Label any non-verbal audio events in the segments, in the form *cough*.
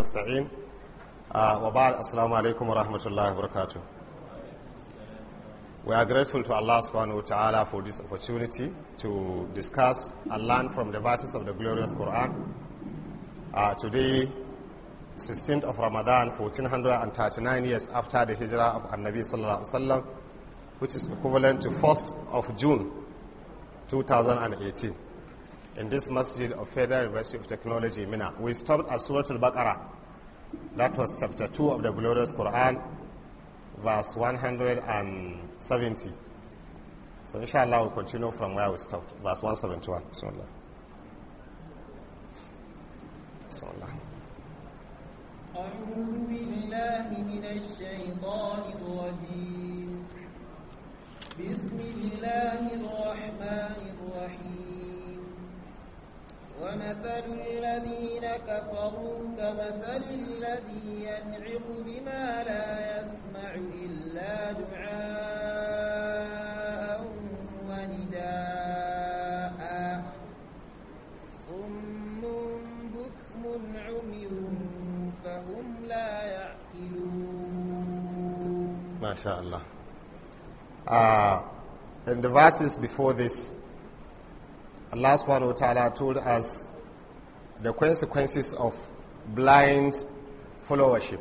نستعين وبعد السلام عليكم ورحمة الله وبركاته We are grateful to Allah subhanahu wa ta'ala for this opportunity to discuss and learn from the verses of the glorious Quran. Uh, today, 16th of Ramadan, 1439 years after the hijrah of An-Nabi sallallahu alaihi which is equivalent to 1st of June 2018 in this masjid of Federal University of Technology, Mina. We stopped at Surah Al-Baqarah. That was chapter 2 of the glorious Quran, verse 170. So inshallah we'll continue from where we stopped, verse 171. Inshallah. Bismillah. أعوذ بالله من الشيطان الرجيم بسم الله الرحمن الرحيم ومثل الذين كفروا كمثل الذي ينعق بما لا يسمع إلا دعاء ونداء صم بكم عمي فهم لا يعقلون ما شاء الله uh, in the verses before this Allah subhanahu wa ta'ala told us the consequences of blind followership.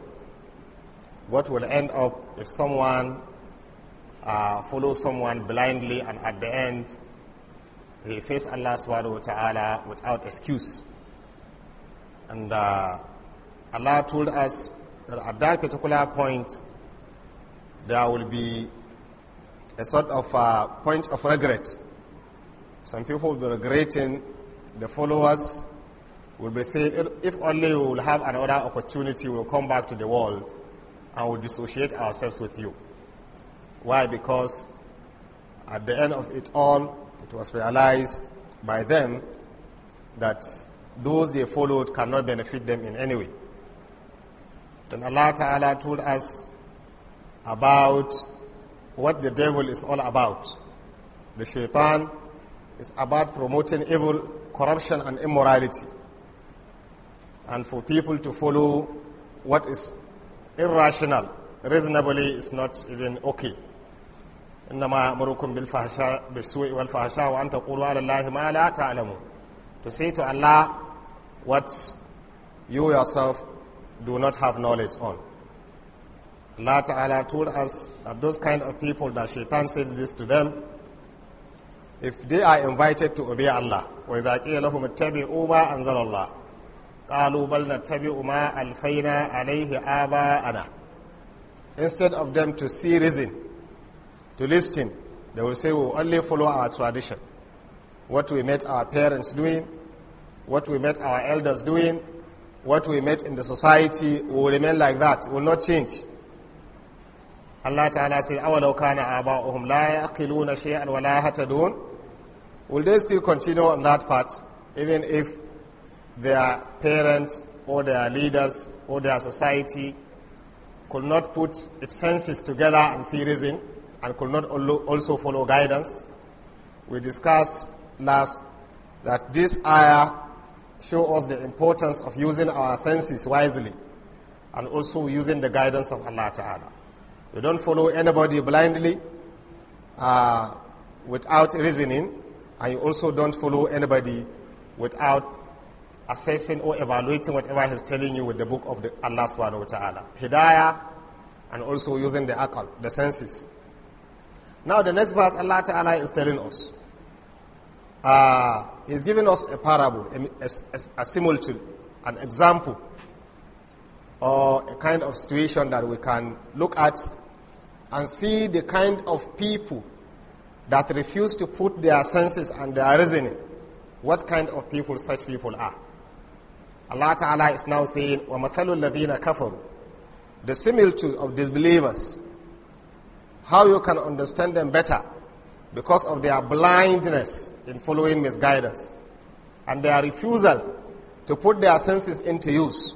What will end up if someone uh, follows someone blindly and at the end he faces Allah subhanahu wa ta'ala without excuse. And uh, Allah told us that at that particular point there will be a sort of uh, point of regret some people will be regretting the followers will be saying, if only we will have another opportunity, we'll come back to the world and we'll dissociate ourselves with you. Why? Because at the end of it all, it was realized by them that those they followed cannot benefit them in any way. Then Allah Ta'ala told us about what the devil is all about. The shaitan is about promoting evil, corruption, and immorality. And for people to follow what is irrational, reasonably, is not even okay. إنما أمركم بالفحشاء بالسوء والفحشاء وأن تقولوا على الله ما لا To say to Allah what you yourself do not have knowledge on. Allah Ta'ala told us that those kind of people that Shaitan said this to them if they are invited to obey Allah وإذا قيل لهم اتبعوا ما أنزل الله قالوا بل نتبع ما ألفينا عليه آباءنا instead of them to see reason to listen they will say we will only follow our tradition what we met our parents doing what we met our elders doing what we met in the society we will remain like that we will not change Allah Ta'ala says awalau kana aba'uhum la yaqiluna shay'an wa la Will they still continue on that path, even if their parents or their leaders or their society could not put its senses together and see reason and could not also follow guidance? We discussed last that this ayah show us the importance of using our senses wisely and also using the guidance of Allah Ta'ala. We don't follow anybody blindly uh, without reasoning and you also don't follow anybody without assessing or evaluating whatever he's telling you with the book of the Allah subhanahu wa ta'ala. Hidayah and also using the akal, the senses. Now the next verse Allah ta'ala is telling us. Uh, he's giving us a parable, a, a, a similitude, an example, or a kind of situation that we can look at and see the kind of people that refuse to put their senses and their reasoning. What kind of people such people are? Allah Ta'ala is now saying, وَمَثَلُ الَّذِينَ كَفَرُوا The similitude of disbelievers, how you can understand them better because of their blindness in following misguidance and their refusal to put their senses into use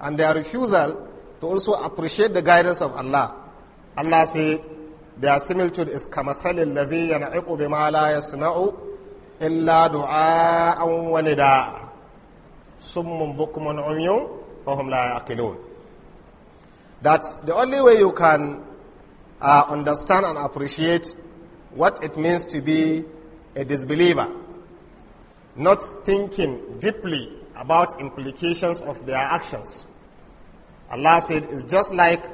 and their refusal to also appreciate the guidance of Allah. Allah said, their similitude is كمثل الذي ينعق بما لا يسمع إلا دعاء ونداء صم بكم عمي فهم لا يعقلون That's the only way you can uh, understand and appreciate what it means to be a disbeliever, not thinking deeply about implications of their actions. Allah said, it's just like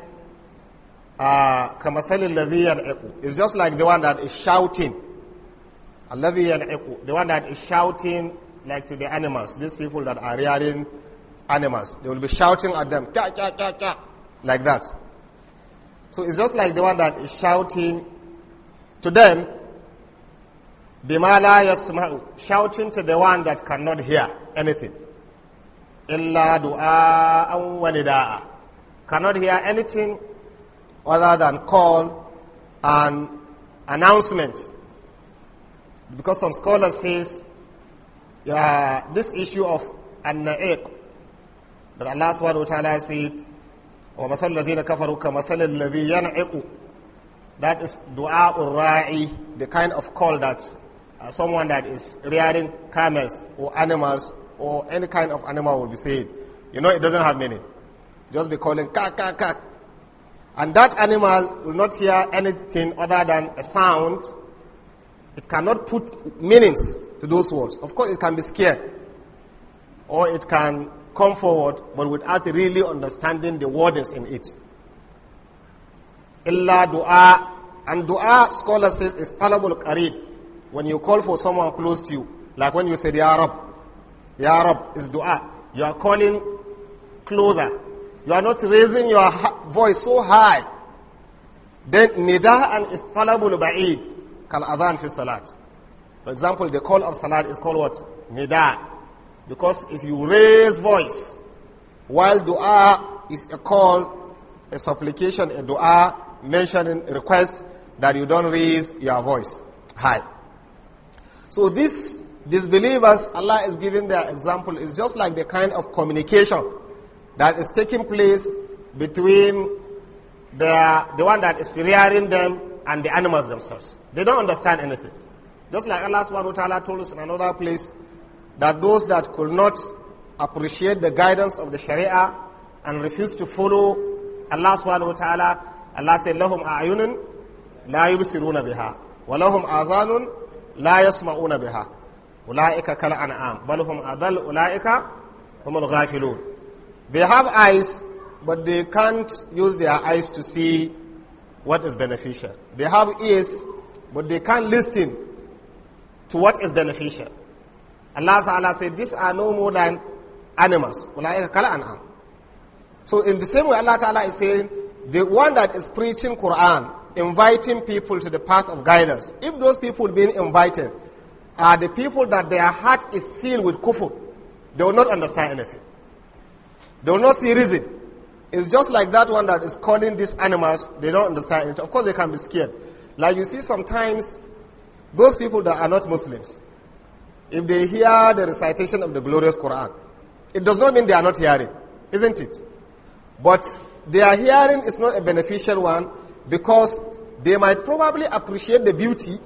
كمثل الذي ينعق It's just like the one that is shouting. الذي ينعق The one that is shouting like to the animals. These people that are rearing animals. They will be shouting at them. Ka, ka, ka, ka, like that. So it's just like the one that is shouting to them. Bima la yasma'u. Shouting to the one that cannot hear anything. Illa du'a wa Cannot hear anything other than call and announcement. Because some scholars says this issue of an-na'iq, that Allah subhanahu wa ta'ala said, وَمَثَلُ الَّذِينَ كَفَرُوا كَمَثَلَ الَّذِي يَنْعِقُ That is dua ur-ra'i, the kind of call that uh, someone that is rearing camels or animals or any kind of animal will be saying. You know, it doesn't have meaning. Just be calling ka ka ka and that animal will not hear anything other than a sound. It cannot put meanings to those words. Of course, it can be scared. Or it can come forward, but without really understanding the words in it. Illa dua. And dua, scholar says, is talabul qarib. When you call for someone close to you, like when you say, Ya Rab, Ya Rab is dua. You are calling closer you are not raising your voice so high. Then nida and istalabul ubaid ba'id kal adhan fi salat. For example, the call of salat is called what? Nida. Because if you raise voice, while dua is a call, a supplication, a dua, mentioning request that you don't raise your voice high. So these disbelievers, Allah is giving their example, is just like the kind of communication that is taking place between the, the one that is rearing them and the animals themselves. They don't understand anything. Just like Allah subhanahu wa ta'ala told us in another place that those that could not appreciate the guidance of the Sharia and refuse to follow Allah subhanahu wa ta'ala, Allah said, لَهُمْ أَعْيُنٌ لَا يُبْصِرُونَ بِهَا وَلَهُمْ آذَانٌ لَا يَسْمَعُونَ بِهَا أُولَئِكَ كَالْأَنْعَامِ بَلْ هُمْ أَضَلُّ أُولَئِكَ هُمُ الْغَافِلُونَ they have eyes, but they can't use their eyes to see what is beneficial. They have ears, but they can't listen to what is beneficial. Allah Ta'ala said, these are no more than animals. So in the same way, Allah Ta'ala is saying, the one that is preaching Quran, inviting people to the path of guidance, if those people being invited are the people that their heart is sealed with kufr, they will not understand anything. They will not see reason. It's just like that one that is calling these animals, they don't understand it. Of course, they can be scared. Like you see sometimes those people that are not Muslims, if they hear the recitation of the glorious Quran, it does not mean they are not hearing, isn't it? But their hearing is not a beneficial one because they might probably appreciate the beauty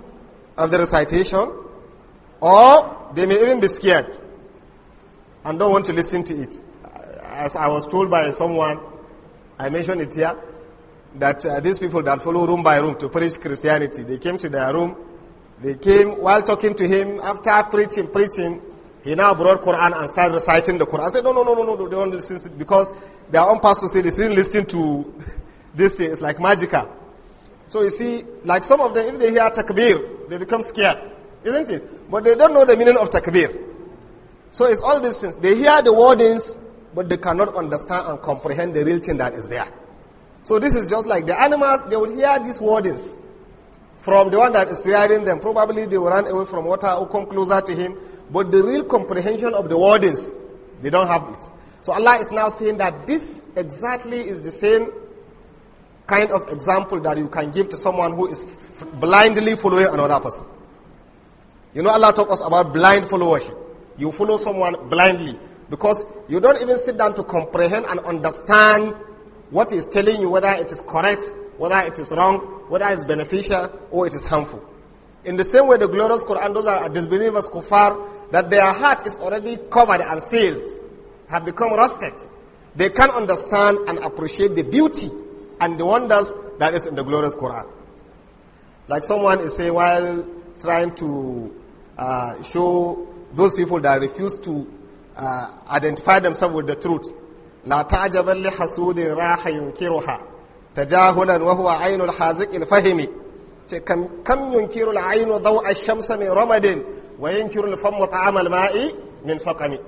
of the recitation or they may even be scared and don't want to listen to it as I was told by someone, I mentioned it here, that uh, these people that follow room by room to preach Christianity, they came to their room, they came while talking to him, after preaching, preaching, he now brought Quran and started reciting the Quran. I said, no, no, no, no, no, they don't listen to, because their own pastor said they shouldn't listen to *laughs* this thing. It's like magical. So you see, like some of them, if they hear takbir, they become scared, isn't it? But they don't know the meaning of takbir. So it's all these things. They hear the wordings, but they cannot understand and comprehend the real thing that is there. So this is just like the animals, they will hear these warnings from the one that is rearing them. Probably they will run away from water or come closer to him. But the real comprehension of the warnings, they don't have it. So Allah is now saying that this exactly is the same kind of example that you can give to someone who is blindly following another person. You know Allah talks about blind followership. You follow someone blindly. Because you don't even sit down to comprehend and understand what is telling you, whether it is correct, whether it is wrong, whether it is beneficial or it is harmful. In the same way, the glorious Quran, those are disbelievers, kuffar, that their heart is already covered and sealed, have become rusted. They can understand and appreciate the beauty and the wonders that is in the glorious Quran. Like someone is saying while trying to uh, show those people that refuse to uh, identify themselves with the truth. لا تعجبا لحسود راح ينكرها تجاهلا وهو عين الحازق الفهمي كم ينكر العين ضوء الشمس من رمد وينكر الفم طعام الماء من سقم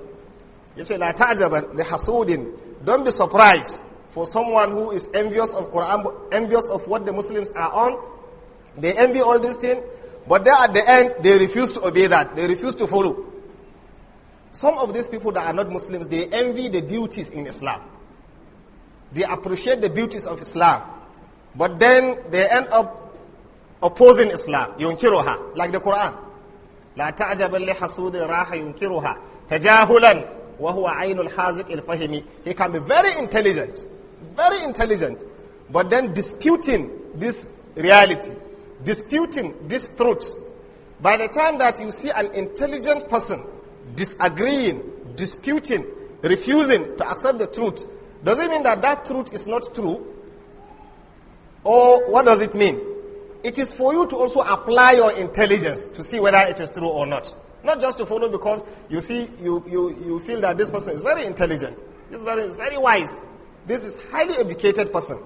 يسي لا تعجبا لحسود don't be surprised for someone who is envious of Quran envious of what the Muslims are on they envy all these things but then at the end they refuse to obey that they refuse to follow some of these people that are not Muslims, they envy the beauties in Islam. They appreciate the beauties of Islam. But then they end up opposing Islam. Yunkiruha. Like the Quran. لا تعجب لحسود راح ينكرها تجاهلا وهو عين الحازق الفهمي he can be very intelligent very intelligent but then disputing this reality disputing this truth by the time that you see an intelligent person disagreeing, disputing, refusing to accept the truth, does it mean that that truth is not true? Or what does it mean? It is for you to also apply your intelligence to see whether it is true or not. Not just to follow because you see, you, you, you feel that this person is very intelligent. This person is very wise. This is highly educated person.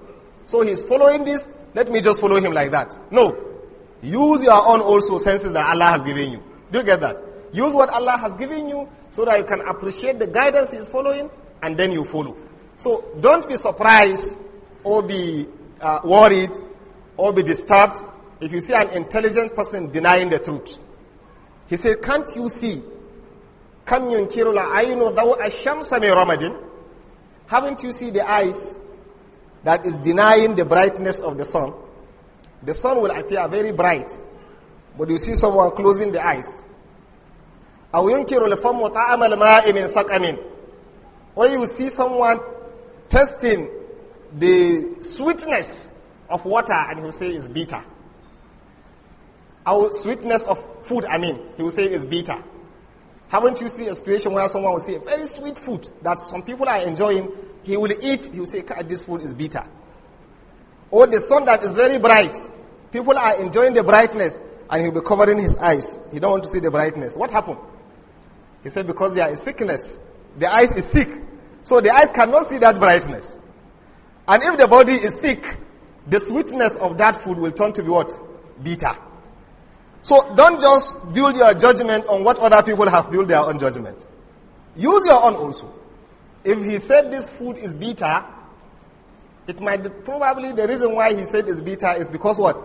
So he is following this. Let me just follow him like that. No. Use your own also senses that Allah has given you. Do you get that? Use what Allah has given you so that you can appreciate the guidance He is following and then you follow. So don't be surprised or be uh, worried or be disturbed if you see an intelligent person denying the truth. He said, Can't you see? Kam yunkiru la'aynu dhaw ash-shamsa ramadin? Haven't you seen the eyes that is denying the brightness of the sun? The sun will appear very bright, but you see someone closing the eyes. أو ينكر الفم وطعم الماء من سقم when you see someone tasting the sweetness of water and he will say it's bitter our sweetness of food I mean he will say it's bitter haven't you seen a situation where someone will say very sweet food that some people are enjoying he will eat he will say this food is bitter or the sun that is very bright people are enjoying the brightness and he'll be covering his eyes he don't want to see the brightness what happened he said, because there is sickness. The eyes is sick. So the eyes cannot see that brightness. And if the body is sick, the sweetness of that food will turn to be what? Bitter. So don't just build your judgment on what other people have built their own judgment. Use your own also. If he said this food is bitter, it might be probably the reason why he said it's bitter is because what?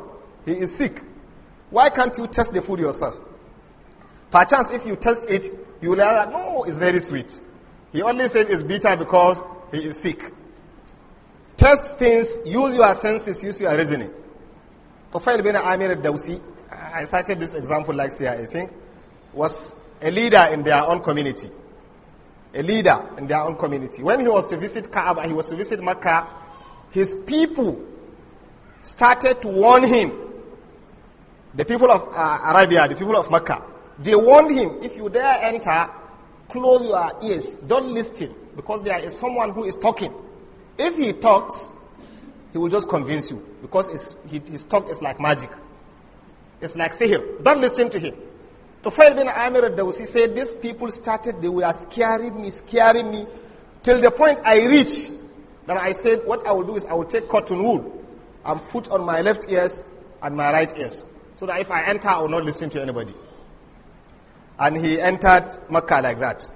He is sick. Why can't you test the food yourself? Perchance if you test it, you will hear that, no, it's very sweet. He only said it's bitter because he is sick. Test things, use your senses, use your reasoning. Tufail bin Amir dawsi I cited this example like here, I think, was a leader in their own community. A leader in their own community. When he was to visit Kaaba, he was to visit Mecca, his people started to warn him. The people of uh, Arabia, the people of Mecca, they warned him, if you dare enter, close your ears. Don't listen because there is someone who is talking. If he talks, he will just convince you because his talk is like magic. It's like sihir. Don't listen to him. Tufail bin Amir al-Dawsi said, these people started, they were scaring me, scaring me, till the point I reached that I said, what I will do is I will take cotton wool and put on my left ears and my right ears, so that if I enter, I will not listen to anybody. And he entered Mecca like that,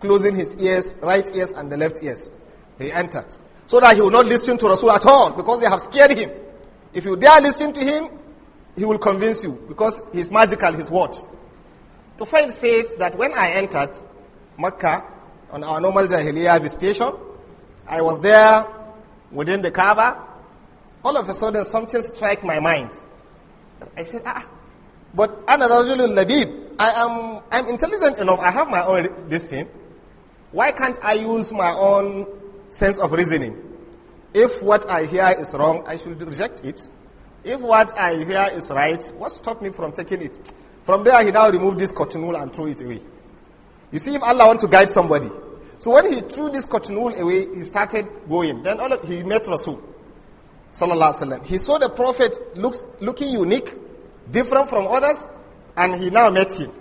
closing his ears, right ears and the left ears. He entered. So that he will not listen to Rasul at all, because they have scared him. If you dare listen to him, he will convince you, because he's magical, his words. Tufail says that when I entered Mecca on our normal Jahiliyyah visitation, I was there within the Kaaba. All of a sudden, something struck my mind. I said, ah, ah. but Ana Rajulul Labib, I am I'm intelligent enough. I have my own this thing. Why can't I use my own sense of reasoning? If what I hear is wrong, I should reject it. If what I hear is right, what stopped me from taking it? From there, he now removed this cotton wool and threw it away. You see, if Allah want to guide somebody, so when he threw this cotton wool away, he started going. Then of, he met Rasul, sallallahu alaihi wasallam. He saw the Prophet looks looking unique, different from others. And he now met him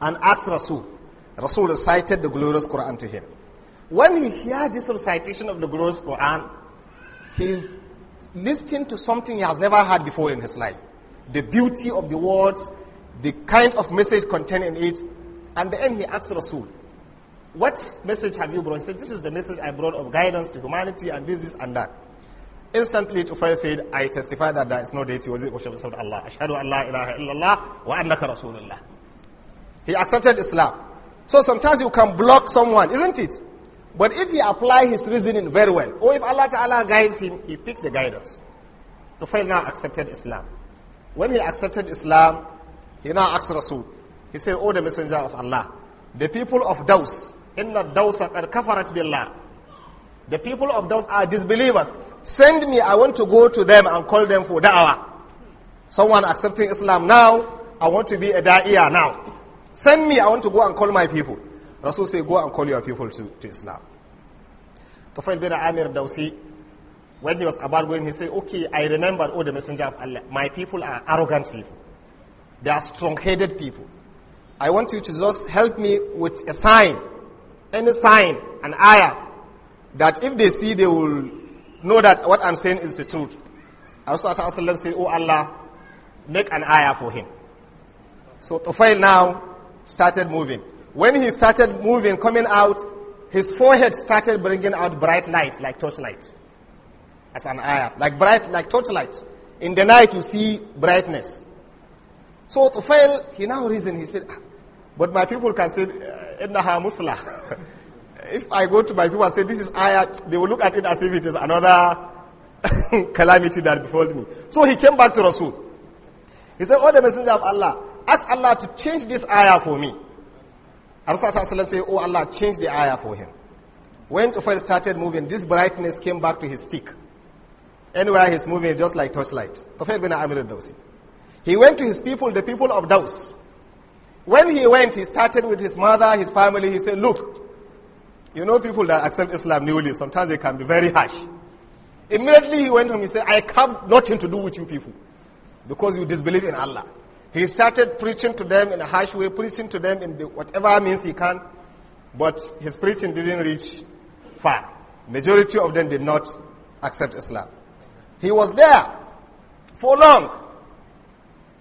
and asked Rasul. Rasul recited the glorious Quran to him. When he heard this recitation of the glorious Quran, he listened to something he has never heard before in his life. The beauty of the words, the kind of message contained in it. And then he asked Rasul, what message have you brought? He said, this is the message I brought of guidance to humanity and this, this and that. Instantly, Tufayl said, I testify that there is no deity worship except Allah. Ashhadu an la ilaha illallah wa annaka rasulullah. He accepted Islam. So sometimes you can block someone, isn't it? But if he apply his reasoning very well, or if Allah Ta'ala guides him, he picks the guidance. Tufail now accepted Islam. When he accepted Islam, he now asked Rasul. He said, "O oh, the messenger of Allah, the people of Daws, inna Dawsa qad kafarat billah. The people of Daws are disbelievers. Send me, I want to go to them and call them for da'wah. Someone accepting Islam now, I want to be a da'iyah now. Send me, I want to go and call my people. Rasul say, go and call your people to, to Islam. Tufail bin Amir Dawsi, when he was about going, he said, okay, I remember oh, the messenger of Allah, my people are arrogant people. They are strong-headed people. I want you to just help me with a sign, any sign, an ayah, that if they see, they will know that what I'm saying is the truth. Rasulullah said, Oh Allah, make an ayah for him. So Tufail now started moving. When he started moving, coming out, his forehead started bringing out bright light, like torchlight, as an ayah, like bright, like torchlight. In the night, you see brightness. So Tufail, he now reasoned, he said, ah, but my people can say, Innaha Musla. *laughs* if I go to my people and say this is ayat, they will look at it as if it is another *laughs* calamity that befall me. So he came back to Rasul. He said, Oh, the messenger of Allah, ask Allah to change this ayah for me. And Rasul said, Oh Allah, change the ayah for him. When Tufel started moving, this brightness came back to his stick. Anywhere he's moving, it's just like torchlight. Tufel bin Amir al-Dawsi. He went to his people, the people of Daws. When he went, he started with his mother, his family. He said, look, you know people that accept Islam newly, sometimes they can be very harsh. Immediately he went home, he said, I have nothing to do with you people because you disbelieve in Allah. He started preaching to them in a harsh way, preaching to them in the, whatever means he can, but his preaching didn't reach far. Majority of them did not accept Islam. He was there for long.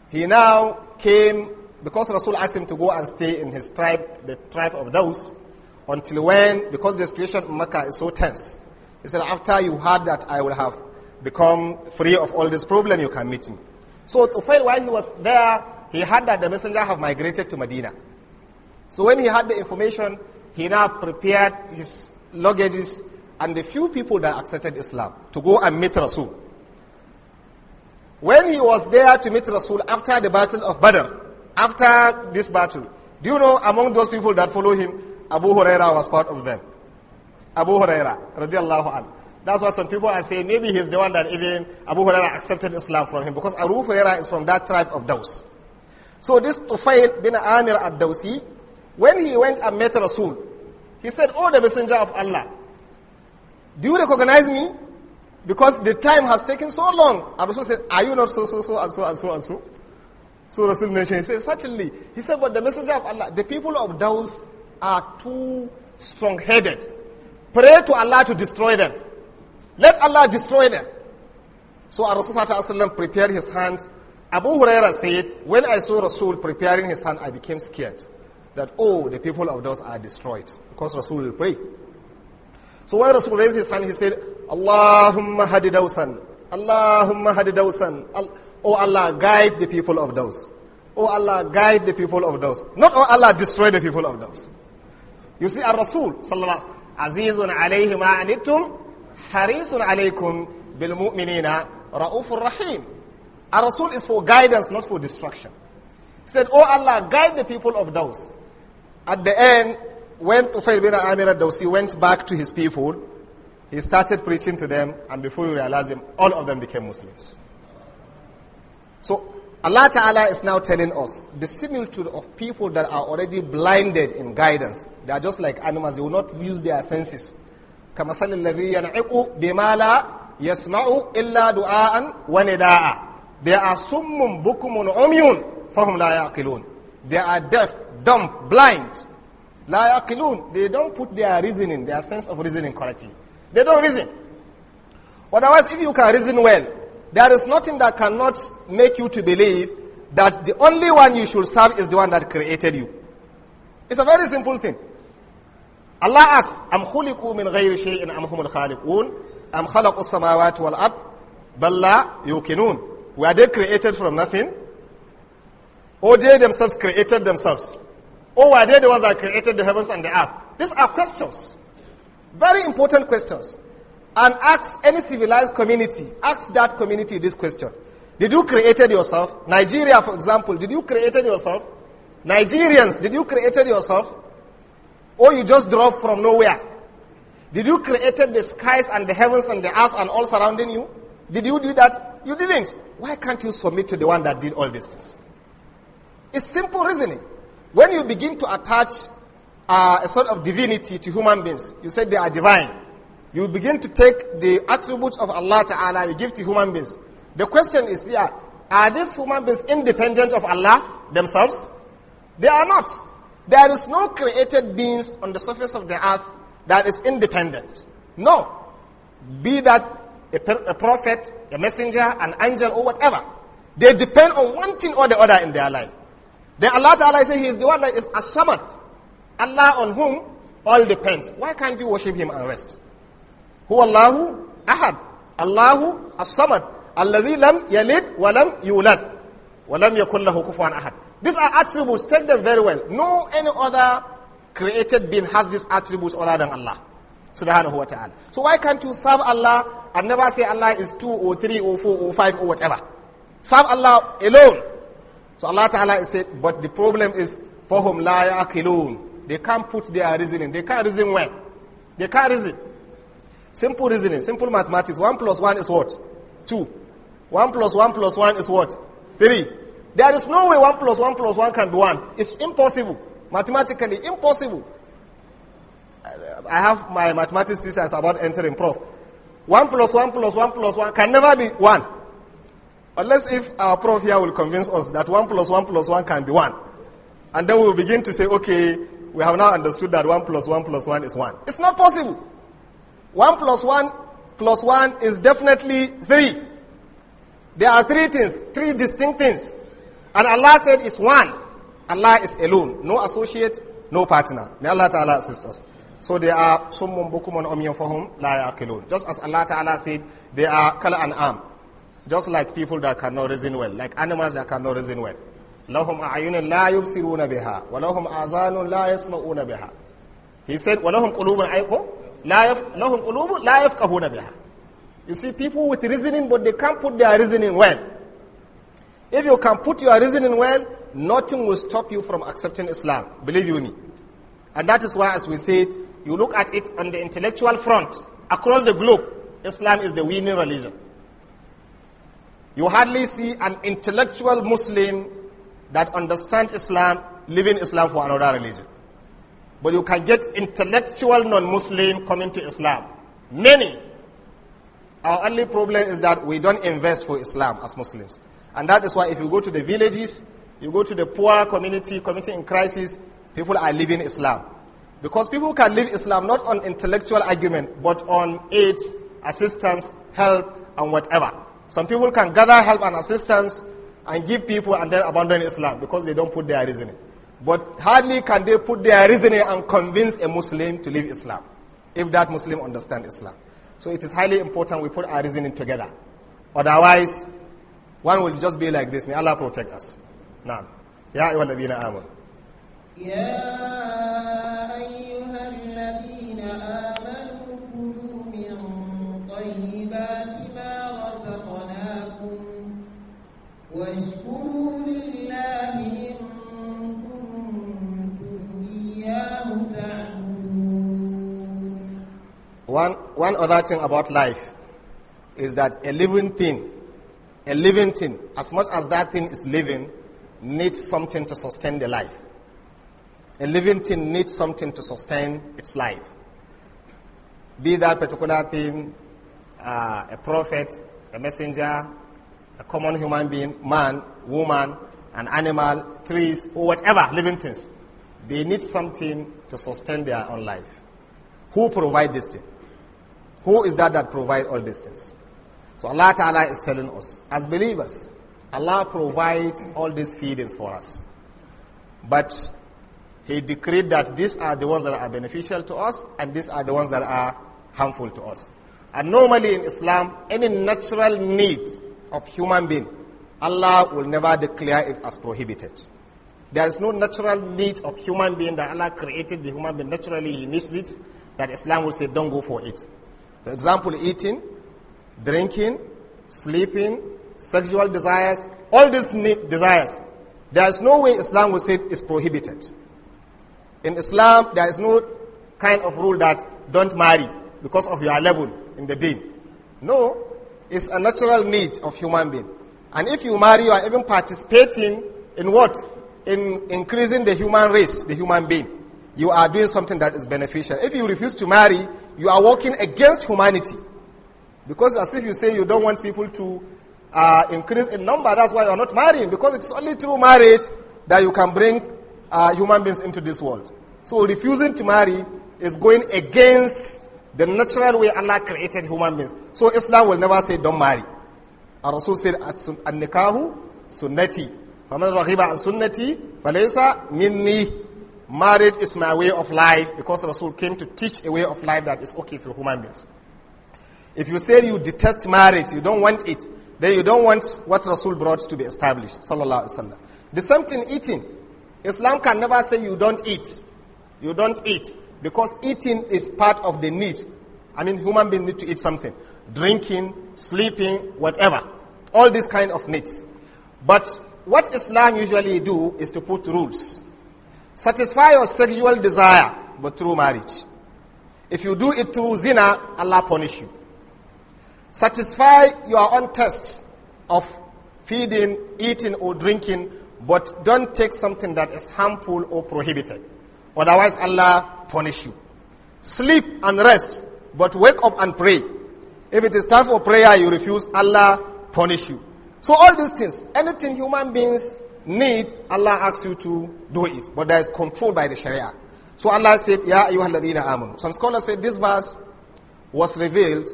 He now came because Rasul asked him to go and stay in his tribe, the tribe of those. Until when, because the situation in Mecca is so tense. He said, after you heard that, I will have become free of all this problem, you can meet me. So to find while he was there, he heard that the messenger have migrated to Medina. So when he had the information, he now prepared his luggages and the few people that accepted Islam to go and meet Rasul. When he was there to meet Rasul after the battle of Badr, after this battle, do you know among those people that follow him, Abu Huraira was part of them. Abu Huraira, radiallahu an, That's why some people are saying maybe he's the one that even Abu Huraira accepted Islam from him because Abu Huraira is from that tribe of Daws. So this Tufail bin Anir ad-Dawsi, when he went and met Rasul, he said, Oh, the messenger of Allah, do you recognize me? Because the time has taken so long. And Rasul said, Are you not so, so, so, and so, and so, and so? So Rasul mentioned, he said, Certainly. He said, But the messenger of Allah, the people of Daws are too strong headed. Pray to Allah to destroy them. Let Allah destroy them. So our Rasul prepared his hand. Abu Huraira said, When I saw Rasul preparing his hand, I became scared that, oh, the people of those are destroyed. Because Rasul will pray. So when Rasul raised his hand, he said, Allahumma hadi dawsan. Allahumma hadi dawsan. Oh Allah, guide the people of those. Oh Allah, guide the people of those. Not oh Allah, destroy the people of those. You see, our Rasul, sallallahu azizun alayhi ma'anittum, harisun alaykum bil mu'minina, ra'ufur rahim. Our Rasul is for guidance, not for destruction. He said, Oh Allah, guide the people of Daws. At the end, when Tufail bin Amir al he went back to his people, he started preaching to them, and before you realize him, all of them became Muslims. So Allah Ta'ala is now telling us the similitude of people that are already blinded in guidance. They are just like animals. They will not use their senses. كَمَثَلِ الَّذِي يَنْعِقُ بِمَا لَا يَسْمَعُ إِلَّا دُعَاءً وَنِدَاءً They are umyun فَهُمْ لَا يَعْقِلُونَ They are deaf, dumb, blind. لَا يَعْقِلُونَ They don't put their reasoning, their sense of reasoning correctly. They don't reason. Otherwise, if you can reason well, there is nothing that cannot make you to believe that the only one you should serve is the one that created you. It's a very simple thing. Allah asks, أَمْ خُلِقُوا مِنْ غَيْرِ شَيْءٍ أَمْ هُمُ الْخَالِقُونَ أَمْ خَلَقُوا السَّمَاوَاتِ وَالْأَرْضِ بَلْ Were they created from nothing? Or they themselves created themselves? Or were they the ones that created the heavens and the earth? These are questions. Very important questions. And ask any civilized community, ask that community this question. Did you created yourself? Nigeria, for example, did you created yourself? Nigerians, did you created yourself? Or you just dropped from nowhere? Did you created the skies and the heavens and the earth and all surrounding you? Did you do that? You didn't. Why can't you submit to the one that did all these things? It's simple reasoning. When you begin to attach uh, a sort of divinity to human beings, you say they are divine you begin to take the attributes of Allah Ta'ala you give to human beings. The question is here, yeah, are these human beings independent of Allah themselves? They are not. There is no created beings on the surface of the earth that is independent. No. Be that a, a prophet, a messenger, an angel, or whatever. They depend on one thing or the other in their life. Then Allah Ta'ala says He is the one that is as Allah on whom all depends. Why can't you worship Him and rest? هو الله أحد الله الصمد الذي لم يلد ولم يولد ولم يكن له كفوا أحد These are attributes, take them very well. No any other created being has these attributes other than Allah. Subhanahu wa ta'ala. So why can't you serve Allah and never say Allah is two or three or four or five or whatever? Serve Allah alone. So Allah Ta'ala is said, but the problem is, for whom la alone? They can't put their reasoning. They can't reason well. They can't reason. Simple reasoning, simple mathematics. 1 plus 1 is what? 2. 1 plus 1 plus 1 is what? 3. There is no way 1 plus 1 plus 1 can be 1. It's impossible. Mathematically impossible. I have my mathematics teachers about entering prof. 1 plus 1 plus 1 plus 1 can never be 1. Unless if our prof here will convince us that 1 plus 1 plus 1 can be 1. And then we will begin to say, okay, we have now understood that 1 plus 1 plus 1 is 1. It's not possible. 1 plus 1 plus 1 is definitely 3. There are three things, three distinct things. And Allah said it's one. Allah is alone. No associate, no partner. May Allah Ta'ala assist us. So there are summun bukumun umyun fahum la yaqilun. Just as Allah Ta'ala said, they are color and arm. Just like people that cannot reason well, like animals that cannot reason well. لهم أعين لا يبصرون بها ولهم آذان la يسمعون biha. He said, ولهم قلوب أيقو lahum qulubun la yafqahuna biha. You see people with reasoning but they can't put their reasoning well. If you can put your reasoning well, nothing will stop you from accepting Islam. Believe you me. And that is why as we said, you look at it on the intellectual front across the globe, Islam is the winning religion. You hardly see an intellectual Muslim that understands Islam living Islam for another religion. But you can get intellectual non-Muslim coming to Islam. Many. Our only problem is that we don't invest for Islam as Muslims. And that is why if you go to the villages, you go to the poor community, community in crisis, people are leaving Islam. Because people can leave Islam not on intellectual argument, but on aid, assistance, help, and whatever. Some people can gather help and assistance and give people and then abandon Islam because they don't put their reasoning. But hardly can they put their reasoning and convince a Muslim to leave Islam, if that Muslim understands Islam. So it is highly important we put our reasoning together. Otherwise, one will just be like this. May Allah protect us. Naam. Ya ayyuhal ladhina amanu. Ya ayyuhal ladhina amanu kulu min tayyibati ma razaqnakum One, one other thing about life is that a living thing, a living thing, as much as that thing is living, needs something to sustain the life. A living thing needs something to sustain its life. Be that particular thing uh, a prophet, a messenger, a common human being, man, woman, an animal, trees, or whatever living things. They need something to sustain their own life. Who provide this thing? Who is that that provide all these things? So Allah Ta'ala is telling us, as believers, Allah provides all these feedings for us. But He decreed that these are the ones that are beneficial to us and these are the ones that are harmful to us. And normally in Islam, any natural need of human being, Allah will never declare it as prohibited. There is no natural need of human being that Allah created the human being naturally, he needs it, that Islam will say, don't go for it. For example, eating, drinking, sleeping, sexual desires, all these desires. There is no way Islam will say it's prohibited. In Islam, there is no kind of rule that don't marry because of your level in the deen. No, it's a natural need of human being. And if you marry, you are even participating in what? In increasing the human race, the human being. You are doing something that is beneficial. If you refuse to marry, you are working against humanity. Because as if you say you don't want people to uh, increase in number, that's why you are not marrying. Because it's only through marriage that you can bring uh, human beings into this world. So refusing to marry is going against the natural way Allah created human beings. So Islam will never say don't marry. Our Rasul said, An-nikahu sunnati. فَمَنْ رَغِبَ عَنْ سُنَّتِي فَلَيْسَ مِنِّي marriage is my way of life because Rasul came to teach a way of life that is okay for human beings. If you say you detest marriage, you don't want it, then you don't want what Rasul brought to be established. Sallallahu Alaihi Wasallam. The same thing eating. Islam can never say you don't eat. You don't eat. Because eating is part of the need. I mean, human beings need to eat something. Drinking, sleeping, whatever. All these kind of needs. But what Islam usually do is to put rules. Satisfy your sexual desire, but through marriage. If you do it through zina, Allah punish you. Satisfy your own tests of feeding, eating, or drinking, but don't take something that is harmful or prohibited. Otherwise, Allah punish you. Sleep and rest, but wake up and pray. If it is time for prayer, you refuse, Allah punish you. So all these things, anything human beings need, Allah asks you to do it. But that is controlled by the Sharia. So Allah said, Ya ayyuhalladhina amun." Some scholars say this verse was revealed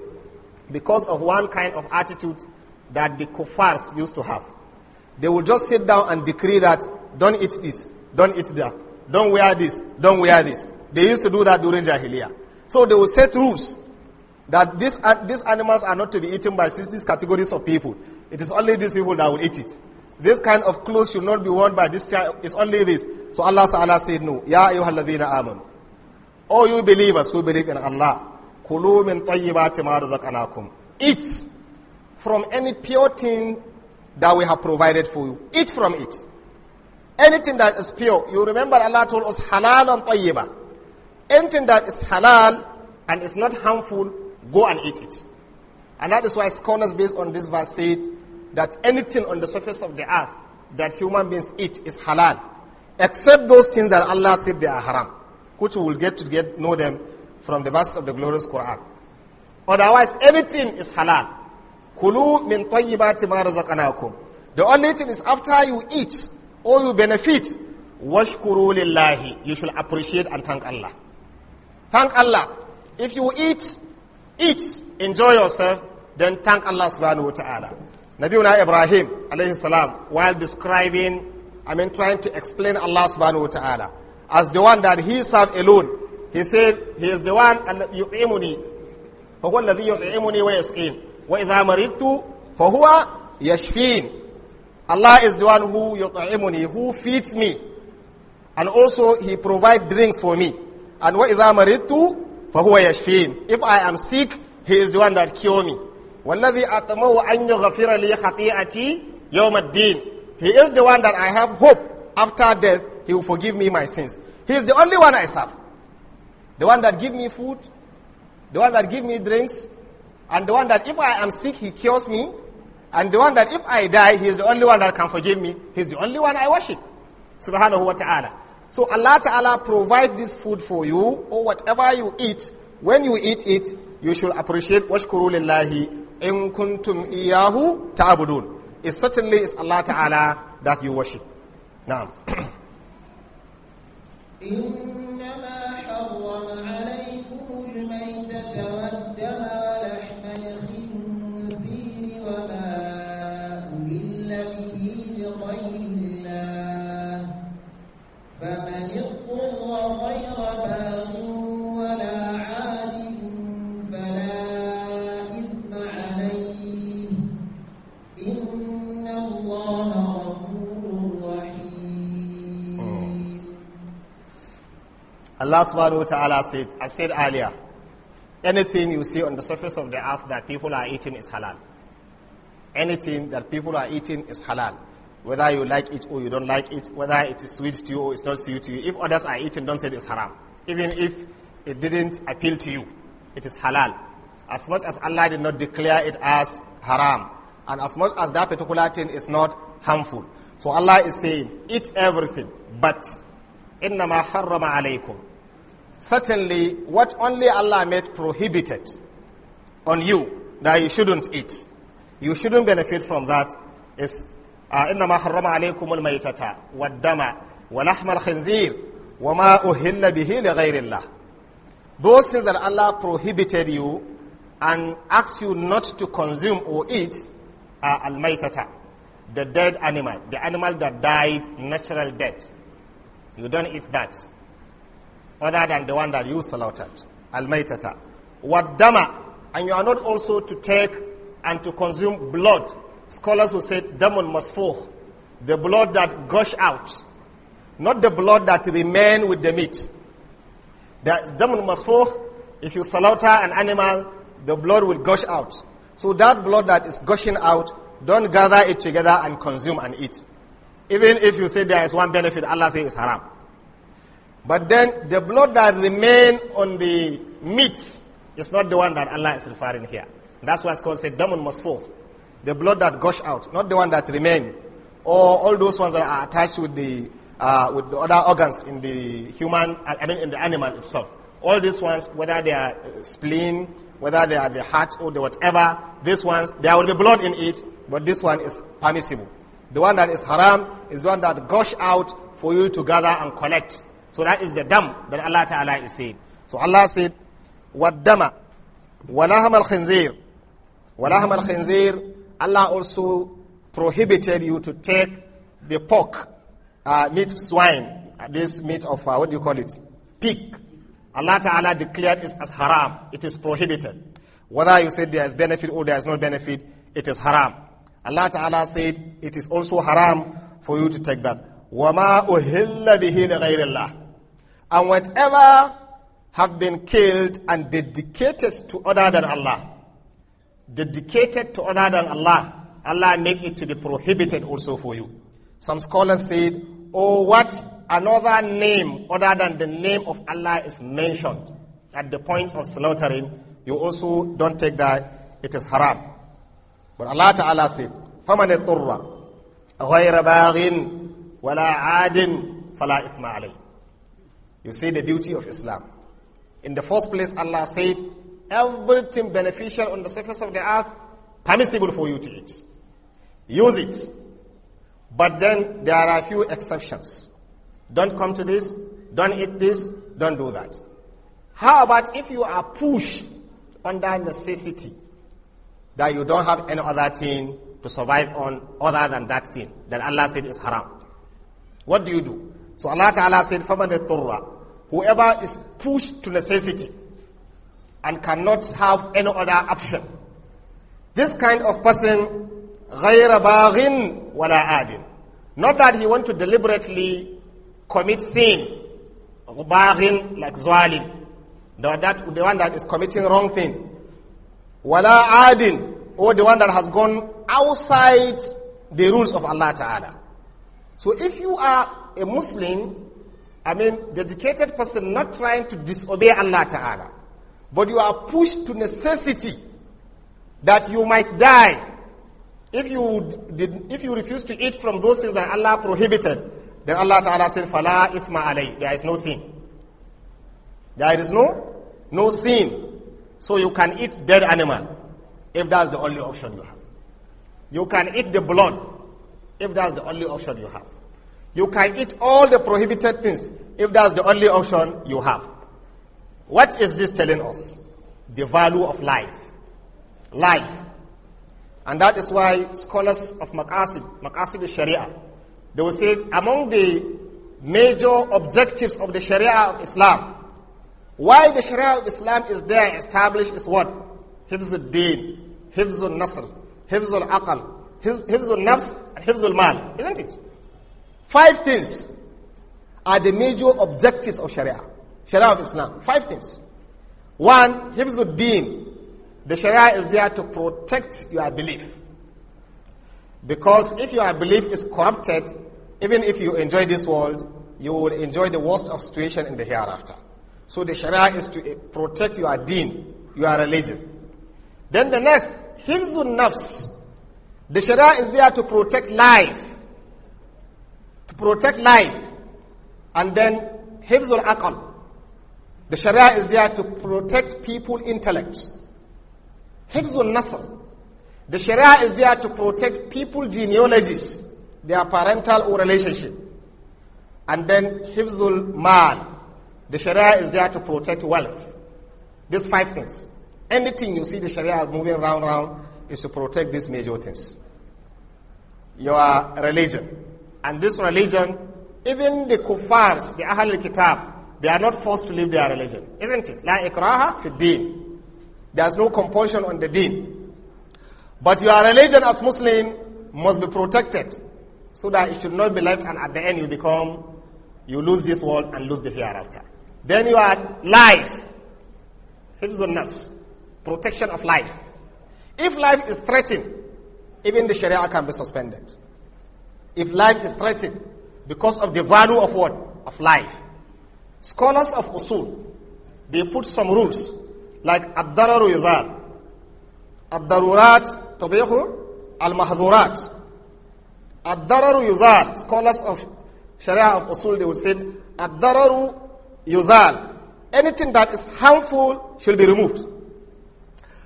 because of one kind of attitude that the kuffars used to have. They would just sit down and decree that, don't eat this, don't eat that, don't wear this, don't wear this. They used to do that during Jahiliyyah. So they would set rules that these, uh, these animals are not to be eaten by these categories of people. It is only these people that will eat it. This kind of clothes should not be worn by this child. It's only this. So Allah Ta'ala said, no. Ya ayyuhalladhina amanu. All you believers who believe in Allah. Kulu min tayyibati ma Eat from any pure thing that we have provided for you. Eat from it. Anything that is pure. You remember Allah told us halal and tayyiba. Anything that is halal and is not harmful, go and eat it. And that is why scholars based on this verse said, that anything on the surface of the earth that human beings eat is halal, except those things that Allah said they are haram, which we will get to get know them from the verse of the glorious Quran. Otherwise, everything is halal. Kulu min tayyibati ma razaqnakum. The only thing is after you eat or you benefit, washkuru lillahi. You should appreciate and thank Allah. Thank Allah. If you eat, eat, enjoy yourself, then thank Allah subhanahu wa ta'ala. Nabiuna Ibrahim alayhi salam, while describing, I mean, trying to explain Allah subhanahu wa ta'ala as the one that he served alone. He said, He is the one يطعمني فهو الذي يطعمني ويسقين وإذا مرضت فهو يشفين Allah is the one who يطعمني who feeds me and also he provides drinks for me and وإذا مرضت فهو يشفين if I am sick he is the one that cure me Wallazi atamahu an yughfira li khati'ati yawmiddin. He is the one that I have hope after death he will forgive me my sins. He is the only one I serve. The one that give me food, the one that give me drinks, and the one that if I am sick he cures me, and the one that if I die he is the only one that can forgive me. He is the only one I worship. Subhanahu wa ta'ala. So Allah Ta'ala provide this food for you or oh, whatever you eat. When you eat it, you should appreciate washkuru lillahi in kuntum iyahu ta'budun it certainly is Allah Ta'ala that you worship na'am Allah subhanahu wa ta'ala said, I said earlier, anything you see on the surface of the earth that people are eating is halal. Anything that people are eating is halal. Whether you like it or you don't like it, whether it is sweet to you or it's not sweet to you. If others are eating, don't say it's haram. Even if it didn't appeal to you, it is halal. As much as Allah did not declare it as haram, and as much as that particular thing is not harmful. So Allah is saying, eat everything, but إنما حرم عليكم certainly what only Allah made prohibited on you that you shouldn't eat. You shouldn't benefit from that is uh, إنما حرم عليكم الميتة والدم ولحم الخنزير وما أهل به لغير الله Those things that Allah prohibited you and asks you not to consume or eat are al-maytata, the dead animal, the animal that died natural death. You don't eat that other than the one that you slaughtered, al-maitata. Wadama, and you are not also to take and to consume blood. Scholars will say damun masfuh, the blood that gush out, not the blood that remain with the meat. That's damun masfuh, if you slaughter an animal, the blood will gush out. So that blood that is gushing out, don't gather it together and consume and eat. Even if you say there is one benefit, Allah says it's haram. But then the blood that remains on the meat is not the one that Allah is referring here. That's why it's called say must fall. The blood that gush out, not the one that remain, or all those ones that are attached with the uh, with the other organs in the human, I mean in the animal itself. All these ones, whether they are uh, spleen, whether they are the heart or the whatever, these ones there will be blood in it, but this one is permissible. The one that is haram is the one that gush out for you to gather and collect so that is the dam that Allah Ta'ala is saying. So Allah said, وَالدَّمَ وَلَهَمَ الْخِنْزِيرِ وَلَهَمَ الْخِنْزِيرِ Allah also prohibited you to take the pork, uh, meat swine, uh, this meat of, uh, what do you call it? Pig. Allah Ta'ala declared it as haram. It is prohibited. Whether you say there is benefit or there is no benefit, it is haram. Allah Ta'ala said it is also haram for you to take that. وَمَا أُهِلَّ بِهِ لِغَيْرِ اللَّهِ And whatever have been killed and dedicated to other than Allah. Dedicated to other than Allah. Allah make it to be prohibited also for you. Some scholars said, oh, what another name other than the name of Allah is mentioned at the point of slaughtering, you also don't take that, it is haram. But Allah Ta'ala said, فَمَنِ اضْطُرَّ غَيْرَ بَاغٍ ولا عاد فلا إثم عليه You see the beauty of Islam. In the first place, Allah said, everything beneficial on the surface of the earth, permissible for you to eat. Use it. But then there are a few exceptions. Don't come to this, don't eat this, don't do that. How about if you are pushed under necessity that you don't have any other thing to survive on other than that thing that Allah said is haram? What do you do? So Allah Ta'ala said, فَمَنِ الطُرَّ Whoever is pushed to necessity and cannot have any other option. This kind of person, غَيْرَ what I added, Not that he wants to deliberately commit sin. بَاغٍ like zalim. The, that, the one that is committing wrong thing. وَلَا عَادٍ Or the one that has gone outside the rules of Allah Ta'ala. So if you are a Muslim, I mean, dedicated person not trying to disobey Allah Ta'ala, but you are pushed to necessity that you might die if you did, if you refuse to eat from those things that Allah prohibited, then Allah Ta'ala said, Fala isma alay. There is no sin. There is no, no sin. So you can eat dead animal if that's the only option you have. You can eat the blood if that's the only option you have. You can eat all the prohibited things if that's the only option you have. What is this telling us? The value of life. Life. And that is why scholars of Maqasid, Maqasid Sharia, they will say among the major objectives of the Sharia of Islam, why the Sharia of Islam is there established is what? al-din, Deen, al Nasr, al-akal. Hifzul nafs and Hifzul mal, isn't it? Five things are the major objectives of Sharia, Sharia of Islam. Five things. One, Hifzul deen. The Sharia is there to protect your belief. Because if your belief is corrupted, even if you enjoy this world, you will enjoy the worst of situation in the hereafter. So the Sharia is to eh, protect your deen, your religion. Then the next, Hifzun Nafs. The Sharia is there to protect life. To protect life. And then Hifzul Aqal. The Sharia is there to protect people intellect. Hifzul Nasr. The Sharia is there to protect people genealogies, their parental or relationship. And then Hifzul Mal. The Sharia is there to protect wealth. These five things. Anything you see the Sharia moving round, round, is to protect these major things. Your religion. And this religion, even the kuffars, the Ahl al-Kitab, they are not forced to leave their religion. Isn't it? La ikraha fi deen. There's no compulsion on the deen. But your religion as Muslim must be protected so that it should not be left and at the end you become, you lose this world and lose the hereafter. Then you are life. Hifzun nafs. Protection of life if life is threatened, even the Sharia can be suspended. If life is threatened because of the value of what? Of life. Scholars of Usul, they put some rules like ad Yuzal, Ad-Darurat Tabihu, Al-Mahdurat. ad Yuzal, scholars of Sharia of Usul, they would say ad Yuzal. Anything that is harmful should be removed.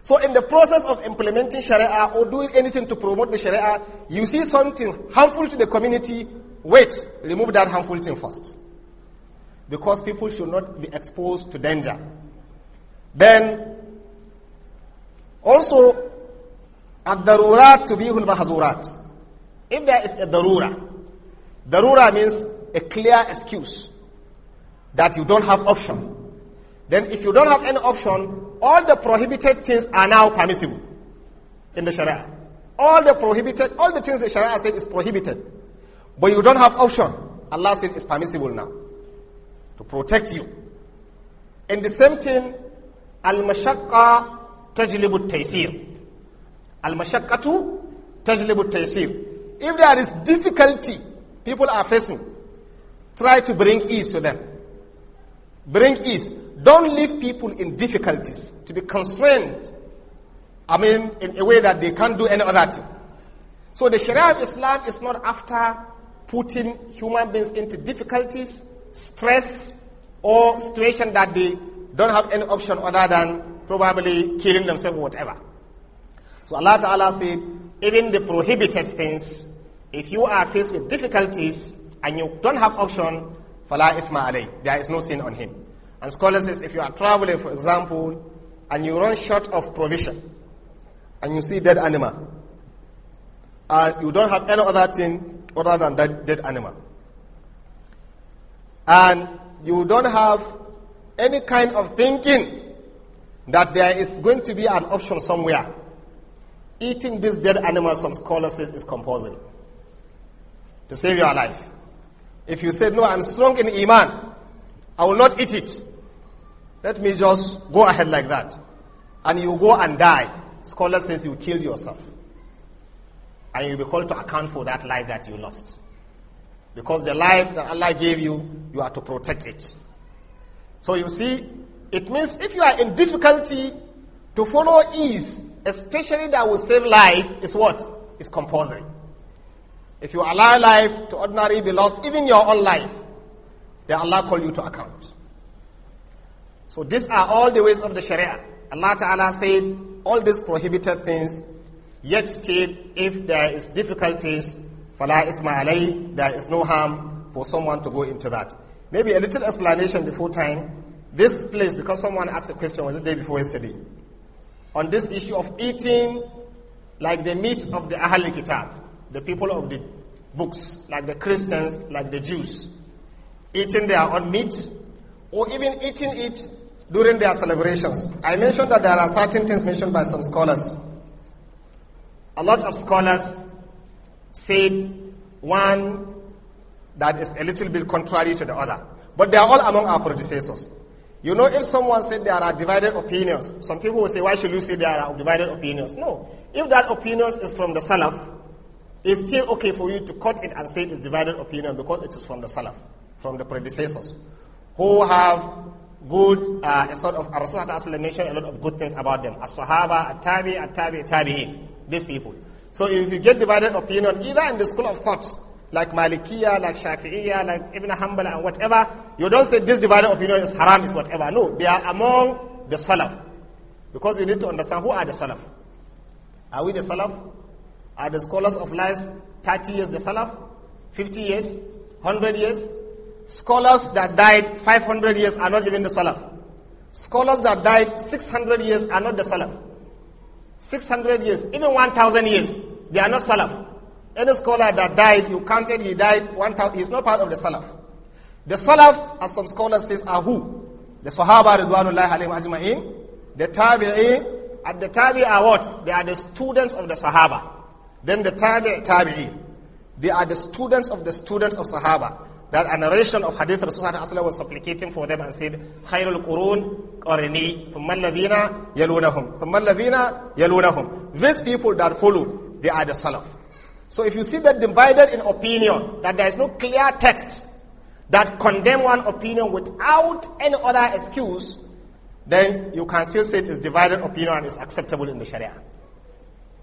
So in the process of implementing Sharia or doing anything to promote the Sharia, you see something harmful to the community, wait, remove that harmful thing first. Because people should not be exposed to danger. Then, also, الضرورات تبيه المحظورات If there is a darura, darura means a clear excuse that you don't have option then if you don't have any option, all the prohibited things are now permissible in the Sharia. All the prohibited, all the things the Sharia said is prohibited. But you don't have option. Allah said it's permissible now to protect you. And the same thing, al mashaka tajlibu taysir. Al-mashaqqatu tajlibu taysir. If there is difficulty people are facing, try to bring ease to them. Bring ease. Don't leave people in difficulties to be constrained. I mean, in a way that they can't do any other thing. So the Sharia of Islam is not after putting human beings into difficulties, stress, or situation that they don't have any option other than probably killing themselves or whatever. So Allah Ta'ala said, even the prohibited things, if you are faced with difficulties and you don't have option, فَلَا إِثْمَ عَلَيْهِ There is no sin on him. And scholars says, if you are traveling, for example, and you run short of provision, and you see dead animal, and uh, you don't have any other thing other than that dead animal, and you don't have any kind of thinking that there is going to be an option somewhere, eating this dead animal, some scholars says, is compulsory to save your life. If you say, no, I'm strong in Iman, I will not eat it. Let me just go ahead like that. And you go and die. Scholar says you killed yourself. And you'll be called to account for that life that you lost. Because the life that Allah gave you, you are to protect it. So you see, it means if you are in difficulty, to follow ease, especially that will save life, is what? Is compulsory. If you allow life to ordinarily be lost, even your own life, then Allah call you to account. So these are all the ways of the Sharia. Allah Ta'ala said all these prohibited things, yet still if there is difficulties, فَلَا إِثْمَ عَلَيْهِ There is no harm for someone to go into that. Maybe a little explanation before time. This place, because someone asked a question, was the day before yesterday? On this issue of eating like the meat of the Ahl Kitab, the people of the books, like the Christians, like the Jews, eating their own meat, or even eating it during their celebrations. I mentioned that there are certain things mentioned by some scholars. A lot of scholars said one that is a little bit contrary to the other. But they are all among our predecessors. You know, if someone said there are divided opinions, some people will say, why should you say there are divided opinions? No. If that opinion is from the Salaf, it's still okay for you to cut it and say it's divided opinion because it is from the Salaf, from the predecessors, who have good, uh, a sort of, Rasulullah mentioned a lot of good things about them. As-Sahaba, At-Tabi, At-Tabi, Tabi'in. These people. So if you get divided opinion, either in the school of thought, like Malikiya, like Shafi'iyya, like Ibn Hanbal and whatever, you don't say this divided opinion is haram, is whatever. No, they are among the Salaf. Because you need to understand who are the Salaf. Are we the Salaf? Are the scholars of lies 30 years the Salaf? 50 years? 100 years? Scholars that died 500 years are not even the Salaf. Scholars that died 600 years are not the Salaf. 600 years, even 1,000 years, they are not Salaf. Any scholar that died, you counted, he died 1,000, he's not part of the Salaf. The Salaf, as some scholars says, are who? The Sahaba, Ridwanullahi alayhim ajma'in, the Tabi'in, at the Tabi are what? They are the students of the Sahaba. Then the Tabi, Tabi'i. They are the students of the students of Sahaba that a narration of hadith Rasulullah was supplicating for them and said, Khairul Qurun Qarini, Thumma Ladina Yalunahum, Thumma Ladina Yalunahum. These people that follow, they are the Salaf. So if you see that divided in opinion, that there is no clear text that condemn one opinion without any other excuse, then you can still say it is divided opinion and is acceptable in the Sharia.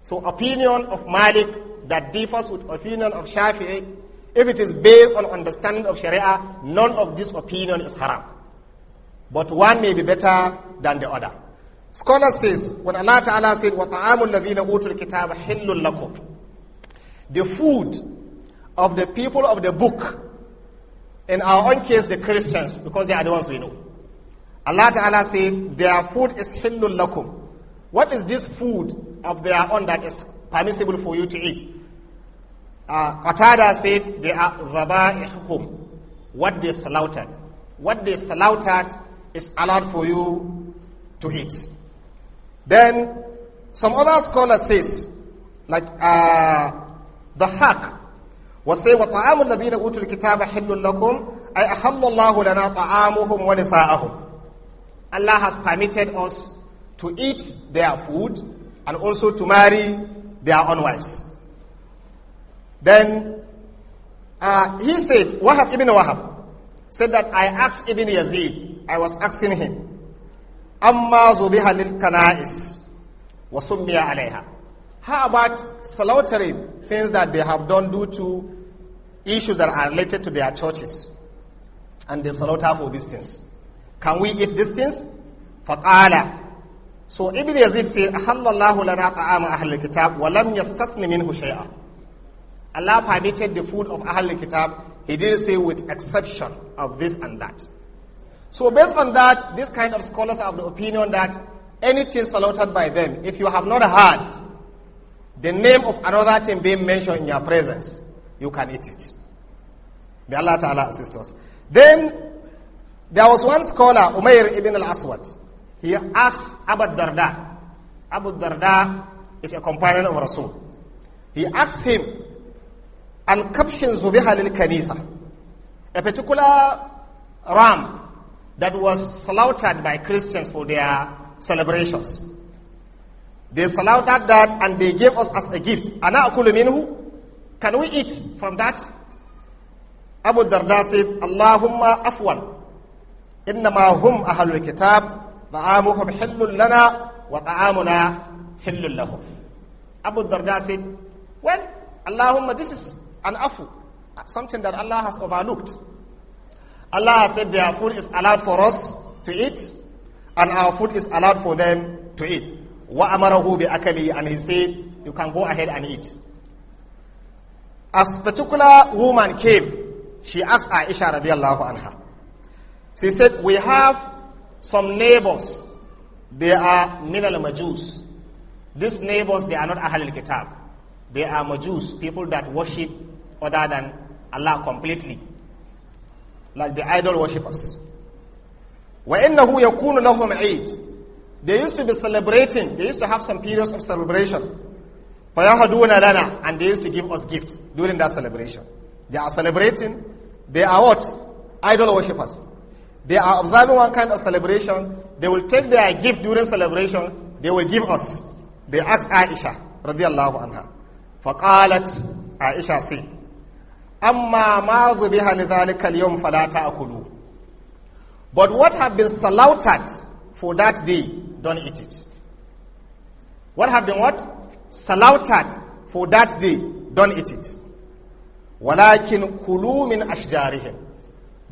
So opinion of Malik that differs with opinion of Shafi'i if it is based on understanding of Sharia, none of this opinion is haram. But one may be better than the other. Scholar says, when Allah Ta'ala said, وَطَعَامُ الَّذِينَ أُوتُوا الْكِتَابَ حِلٌّ لَكُمْ The food of the people of the book, in our own case, the Christians, because they are the ones we know. Allah Ta'ala said, their food is حِلٌّ لَكُمْ What is this food of their own that is permissible for you to eat? uh, Qatada said they are dhaba'ihum, what they slaughtered. What they slaughtered is allowed for you to eat. Then some other scholars says, like uh, the Haq was saying, وَطَعَامُ الَّذِينَ أُوتُوا الْكِتَابَ حِلٌّ لَكُمْ أَيْ أَحَلَّ اللَّهُ لَنَا طَعَامُهُمْ وَنِسَاءَهُمْ Allah has permitted us to eat their food and also to marry their own wives. Then uh, he said, Wahab ibn Wahab said that I asked Ibn Yazid, I was asking him, Amma zubiha lil kana'is wa summiya alayha. How about slaughtering things that they have done due to issues that are related to their churches? And they slaughter for these things. Can we eat these things? فَقَالَ So Ibn Yazid said, أَحَلَّ اللَّهُ لَنَا طَعَامَ kitab الْكِتَابِ وَلَمْ يَسْتَثْنِ مِنْهُ شَيْئًا Allah permitted the food of Ahlul Kitab. He didn't say with exception of this and that. So based on that, this kind of scholars have the opinion that anything saluted by them, if you have not heard the name of another thing being mentioned in your presence, you can eat it. May Allah Ta'ala assist us. Then there was one scholar, Umayr ibn al-Aswad. He asked Abu Darda. Abu Darda is a companion of Rasul. He asked him, and captions biha lil kanisa, a particular ram that was slaughtered by Christians for their celebrations. They slaughtered that and they gave us as a gift. Ana akulu Can we eat from that? Abu Darda said, Allahumma afwan. innama هم أهل الكتاب طعامهم حل wa وطعامنا حل لهم Abu Darda said, well, Allahumma, this is an afu, something that Allah has overlooked. Allah has said their food is allowed for us to eat, and our food is allowed for them to eat. Wa amarahu bi akali, and he said, you can go ahead and eat. A particular woman came, she asked Aisha radiallahu anha. She said, we have some neighbors, they are min al-majus. These neighbors, they are not Ahlul Kitab. They are Majus, people that worship other than Allah completely, like the idol worshippers. وَإِنَّهُ يَكُونُ لَهُمْ عِيدٍ They used to be celebrating, they used to have some periods of celebration. فَيَهَدُونَ لَنَا And they used to give us gifts during that celebration. They are celebrating, they are what? Idol worshippers. They are observing one kind of celebration, they will take their gift during celebration, they will give us. They asked Aisha, الله عنها. فقالت Aisha sai amma ma but what have been slaughtered for that day don't eat it what have been what slaughtered for that day don't eat it walakin kulu min ashjarihim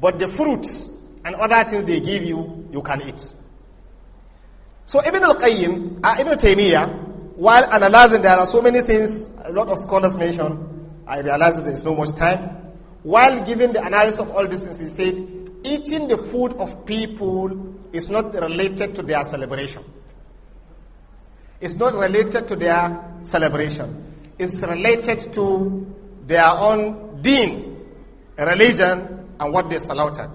but the fruits and other things they give you you can eat so ibn al-qayyim uh, ibn taymiyyah while analyzing, there are so many things a lot of scholars mention. I realize there is no much time. While giving the analysis of all these things, he said, eating the food of people is not related to their celebration. It's not related to their celebration. It's related to their own deen, religion, and what they saluted.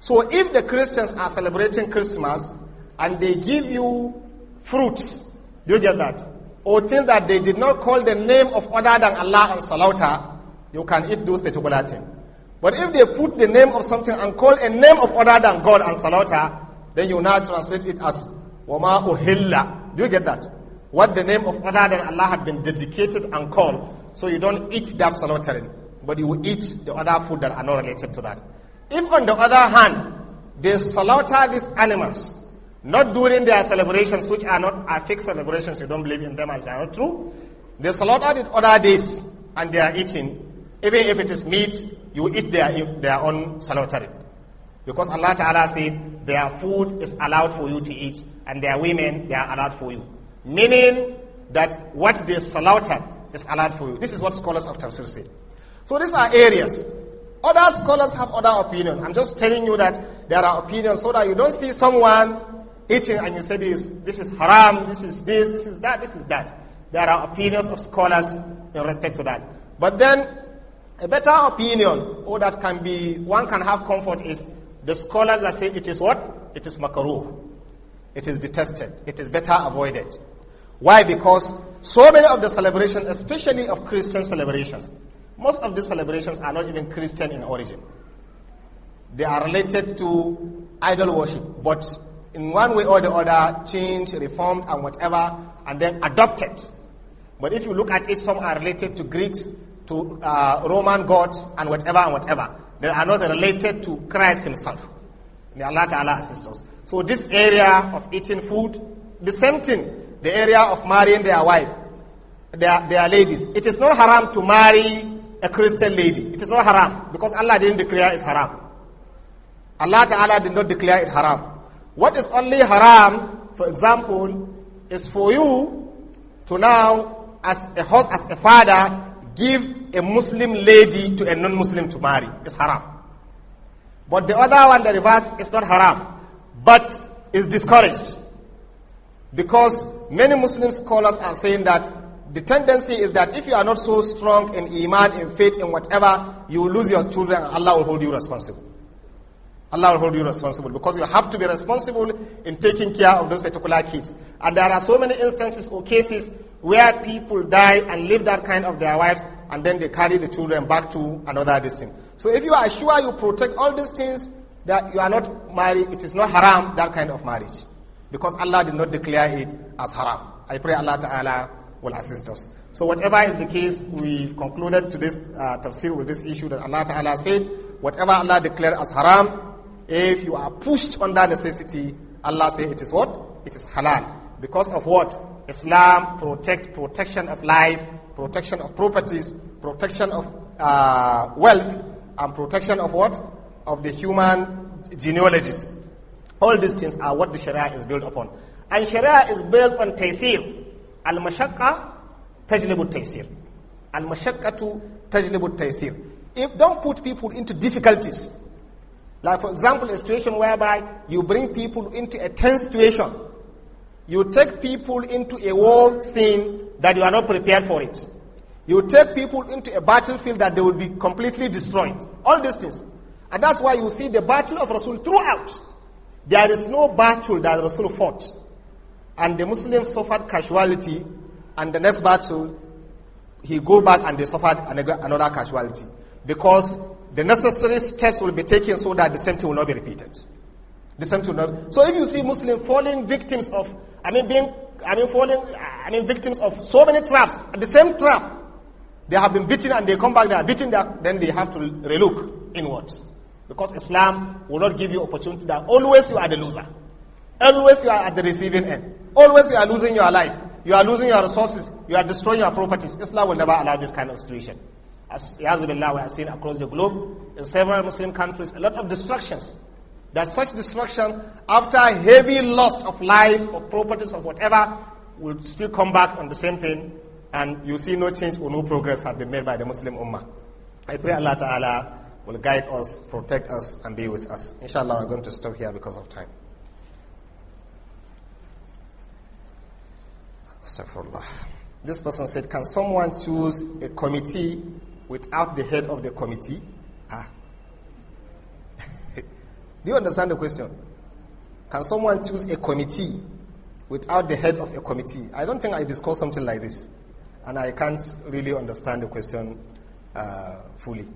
So if the Christians are celebrating Christmas and they give you fruits do you get that? Or things that they did not call the name of other than Allah and Salawta, you can eat those particular things. But if they put the name of something and call a name of other than God and Salawta, then you now translate it as Wama Uhilla. Do you get that? What the name of other than Allah had been dedicated and called. So you don't eat that salawatering, but you eat the other food that are not related to that. If on the other hand, they slaughter these animals not during their celebrations, which are not are fixed celebrations, you don't believe in them as they are not true. They slaughtered it other days and they are eating. Even if it is meat, you eat their, their own slaughtered. Because Allah Ta'ala said, their food is allowed for you to eat and their women, they are allowed for you. Meaning that what they slaughtered is allowed for you. This is what scholars of Tafsir say. So these are areas. Other scholars have other opinions. I'm just telling you that there are opinions so that you don't see someone eating and you say this, this is haram, this is this, this is that, this is that. There are opinions of scholars in respect to that. But then, a better opinion, or that can be, one can have comfort is the scholars that say it is what? It is makaruh. It is detested. It is better avoided. Why? Because so many of the celebrations, especially of Christian celebrations, most of these celebrations are not even Christian in origin. They are related to idol worship, but in one way or the other changed, reformed, and whatever, and then adopted. But if you look at it, some are related to Greeks, to uh, Roman gods, and whatever, and whatever. They are not related to Christ Himself. May Allah Ta'ala assist us. So, this area of eating food, the same thing, the area of marrying their wife, their, their ladies. It is not haram to marry a Christian lady. It is not haram because Allah didn't declare it haram. Allah Ta'ala did not declare it haram. What is only haram, for example, is for you to now, as a as a father, give a Muslim lady to a non-Muslim to marry. It's haram. But the other one, the reverse, is not haram, but is discouraged. Because many Muslim scholars are saying that the tendency is that if you are not so strong in iman, in faith, in whatever, you will lose your children Allah will hold you responsible. Allah will hold you responsible because you have to be responsible in taking care of those particular kids. And there are so many instances or cases where people die and leave that kind of their wives and then they carry the children back to another distance. So if you are sure you protect all these things that you are not married, it is not haram, that kind of marriage. Because Allah did not declare it as haram. I pray Allah Ta'ala will assist us. So whatever is the case, we've concluded today's uh, tafsir with this issue that Allah Ta'ala said, whatever Allah declared as haram, if you are pushed under necessity, Allah say it is what? It is halal. Because of what? Islam protect protection of life, protection of properties, protection of uh, wealth, and protection of what? Of the human genealogies. All these things are what the Sharia is built upon. And Sharia is built on taysir. al mashaka tajlibu taysir. Al-mashaqqatu tajlibu taysir. If don't put people into difficulties, like, for example, a situation whereby you bring people into a tense situation. You take people into a war scene that you are not prepared for it. You take people into a battlefield that they will be completely destroyed. All these things. And that's why you see the battle of Rasul throughout. There is no battle that Rasul fought. And the Muslims suffered casualty. And the next battle, he go back and they suffered another casualty because the necessary steps will be taken so that the same thing will not be repeated. The same thing will not. So if you see Muslims falling victims of, I mean, being, I mean, falling, I mean, victims of so many traps, the same trap, they have been beaten and they come back, they are beaten, then they have to relook inwards. Because Islam will not give you opportunity that always you are the loser. Always you are at the receiving end. Always you are losing your life. You are losing your resources. You are destroying your properties. Islam will never allow this kind of situation as Yazubillah we are seeing across the globe, in several Muslim countries, a lot of destructions. That such destruction, after heavy loss of life or properties or whatever, will still come back on the same thing, and you see no change or no progress have been made by the Muslim Ummah. I pray Allah Ta'ala will guide us, protect us, and be with us. Inshallah, we're going to stop here because of time. Astaghfirullah. This person said, Can someone choose a committee without the head of the committee? Ah. *laughs* Do you understand the question? Can someone choose a committee without the head of a committee? I don't think I discussed something like this, and I can't really understand the question uh, fully.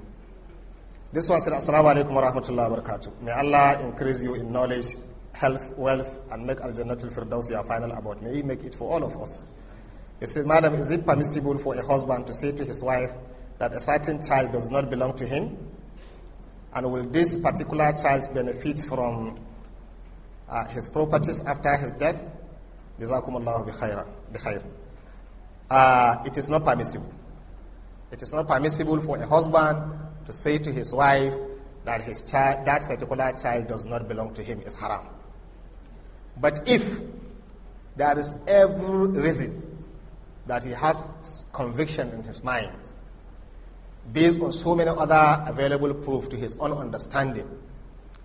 This one said, Assalamu alaikum wa rahmatullahi wa barakatuh. May Allah increase you in knowledge, health, wealth, and make Al Jannatul Firdaus your final abode. May He make it for all of us. He said, Madam, is it permissible for a husband to say to his wife, that a certain child does not belong to him? And will this particular child benefit from uh, his properties after his death? Jazakumullahu uh, it is not permissible. It is not permissible for a husband to say to his wife that his child, that particular child does not belong to him. It's haram. But if there is every reason that he has conviction in his mind based on so many other available proof to his own understanding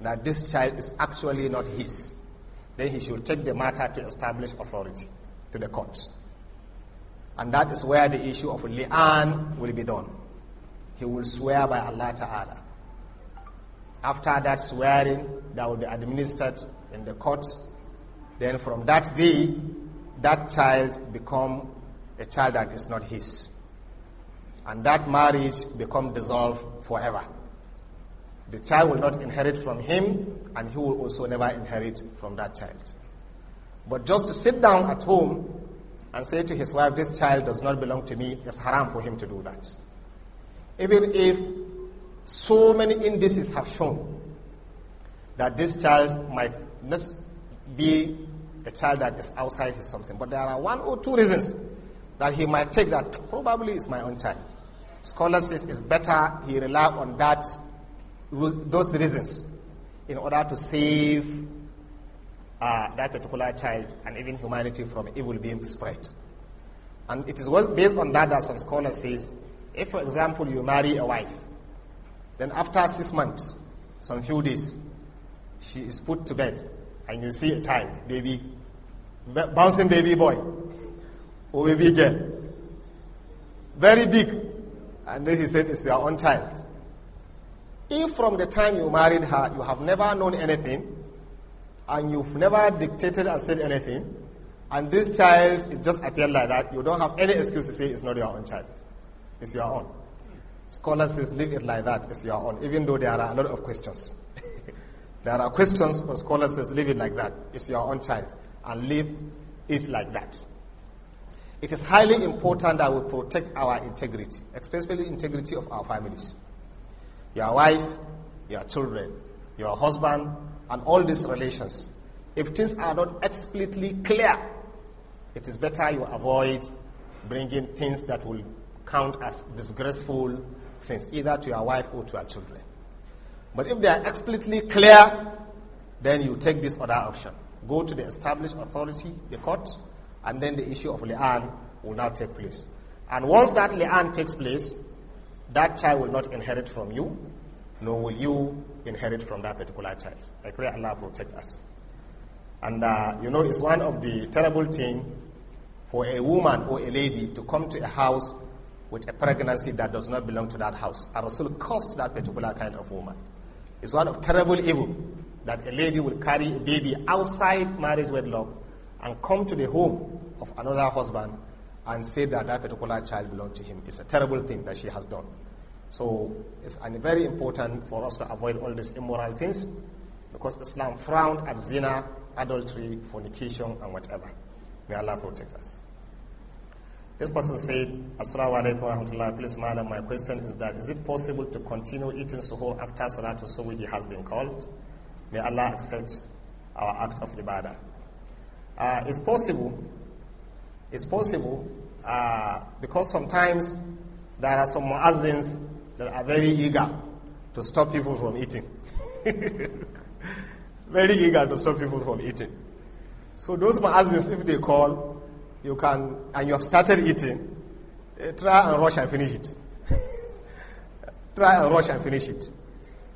that this child is actually not his, then he should take the matter to establish authority to the court. And that is where the issue of li'an will be done. He will swear by Allah Ta'ala. After that swearing, that will be administered in the court. Then from that day, that child become a child that is not his and that marriage become dissolved forever. The child will not inherit from him, and he will also never inherit from that child. But just to sit down at home and say to his wife, This child does not belong to me, it's haram for him to do that. Even if so many indices have shown that this child might be a child that is outside his something. But there are one or two reasons that he might take that probably is my own child. Scholars says it's better he rely on that those reasons in order to save uh, that particular child and even humanity from evil being spread. And it is based on that that some scholars says, if for example you marry a wife, then after six months, some few days, she is put to bed and you see a child, baby, bouncing baby boy, who will be Very big. And then he said, it's your own child. If from the time you married her, you have never known anything, and you've never dictated and said anything, and this child, it just appeared like that, you don't have any excuse to say it's not your own child. It's your own. Scholars says leave it like that, it's your own, even though there are a lot of questions. *laughs* there are questions, but scholars says leave it like that, it's your own child, and leave it like that. It is highly important that we protect our integrity, especially integrity of our families. Your wife, your children, your husband, and all these relations. If things are not explicitly clear, it is better you avoid bringing things that will count as disgraceful things, either to your wife or to your children. But if they are explicitly clear, then you take this other option. Go to the established authority, the court, and then the issue of li'an will now take place. And once that li'an takes place, that child will not inherit from you, nor will you inherit from that particular child. I pray Allah protect us. And uh, you know, it's one of the terrible things for a woman or a lady to come to a house with a pregnancy that does not belong to that house. And Rasul cursed that particular kind of woman. It's one of terrible evil that a lady will carry a baby outside marriage wedlock and come to the home of another husband and say that that particular child belonged to him. It's a terrible thing that she has done. So it's very important for us to avoid all these immoral things because Islam frowned at zina, adultery, fornication, and whatever. May Allah protect us. This person said, Assalamu alaikum wa Please, madam, my question is that is it possible to continue eating suhoor after Salatul he has been called? May Allah accept our act of ibadah uh, it's possible. It's possible uh, because sometimes there are some muazzins that are very eager to stop people from eating. *laughs* very eager to stop people from eating. So those muazzins, if they call, you can, and you have started eating, eh, try and rush and finish it. *laughs* try and rush and finish it.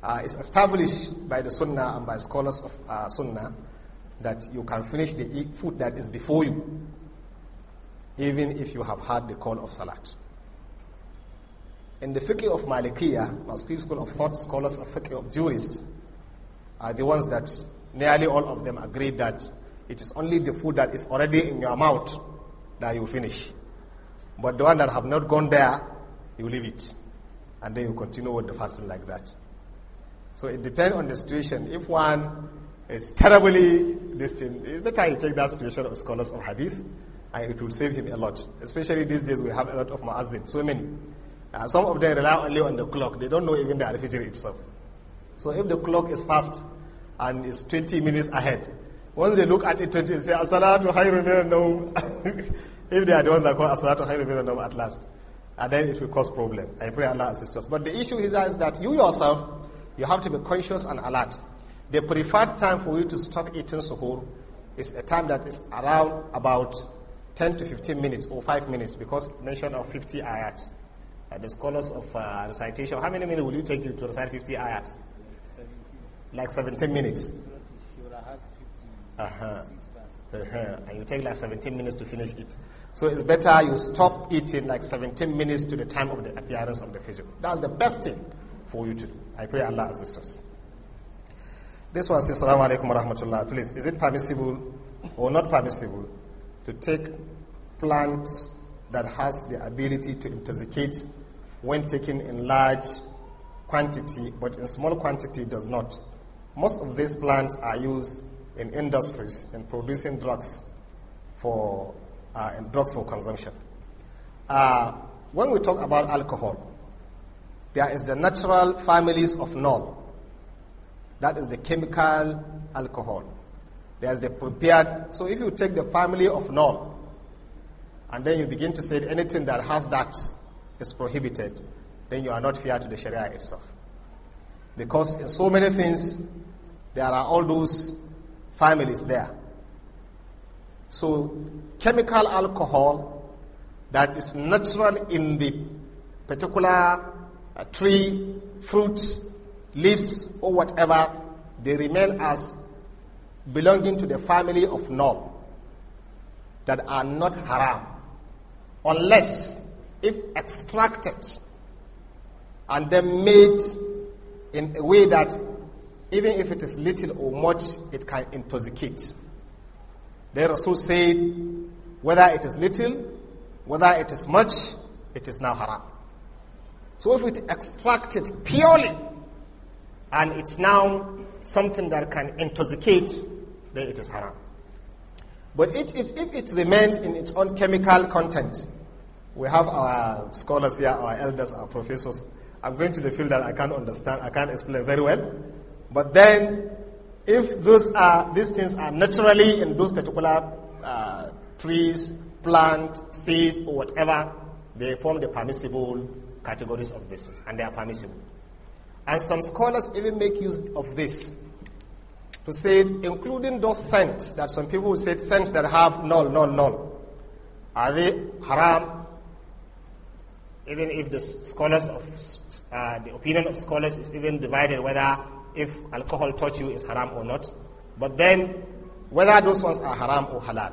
Uh, it's established by the Sunnah and by scholars of uh, Sunnah that you can finish the food that is before you, even if you have had the call of Salat. In the fiqh of Malikiya, Maliki school of thought scholars of fiqh of jurists are the ones that nearly all of them agree that it is only the food that is already in your mouth that you finish. But the one that have not gone there, you leave it. And then you continue with the fasting like that. So it depends on the situation. If one it's terribly this thing. The time he take that situation of scholars of hadith and it will save him a lot. Especially these days we have a lot of muazzin, so many. Uh, some of them rely only on the clock. They don't know even the al-fajr itself. So if the clock is fast and is 20 minutes ahead, once they look at it 20 and say, As-salatu khairu *laughs* if they are the ones that call As-salatu khairu at last. And uh, then it will cause problem. I pray Allah assist us. But the issue is that you yourself, you have to be conscious and alert. The preferred time for you to stop eating suhoor is a time that is around about 10 to 15 minutes or 5 minutes because mention of 50 ayats. Uh, the scholars of uh, recitation, how many minutes will you take you to recite 50 ayats? Like 17, like 17 minutes. Uh-huh. Uh-huh. And you take like 17 minutes to finish it. So it's better you stop eating like 17 minutes to the time of the appearance of the physical. That's the best thing for you to do. I pray Allah assist us. This one says, Salaam alaikum rahmatullah. Please, is it permissible or not permissible to take plants that has the ability to intoxicate when taken in large quantity, but in small quantity does not? Most of these plants are used in industries in producing drugs for uh, and drugs for consumption. Uh, when we talk about alcohol, there is the natural families of null that is the chemical alcohol. There's the prepared. So if you take the family of null, and then you begin to say anything that has that is prohibited, then you are not fair to the Sharia itself. Because in so many things, there are all those families there. So chemical alcohol that is natural in the particular uh, tree, fruits, leaves or whatever, they remain as belonging to the family of Nob that are not haram unless if extracted and then made in a way that even if it is little or much, it can intoxicate. They also said, whether it is little, whether it is much, it is now haram. So if it extracted purely and it's now something that can intoxicate, then it is haram. But it, if, if it remains in its own chemical content, we have our scholars here, our elders, our professors. I'm going to the field that I can't understand, I can't explain very well. But then, if those are, these things are naturally in those particular uh, trees, plants, seeds, or whatever, they form the permissible categories of basis, and they are permissible. And some scholars even make use of this to say, including those scents that some people who said scents that have null, null, null. Are they haram? Even if the scholars of uh, the opinion of scholars is even divided whether if alcohol touch you is haram or not. But then whether those ones are haram or halal.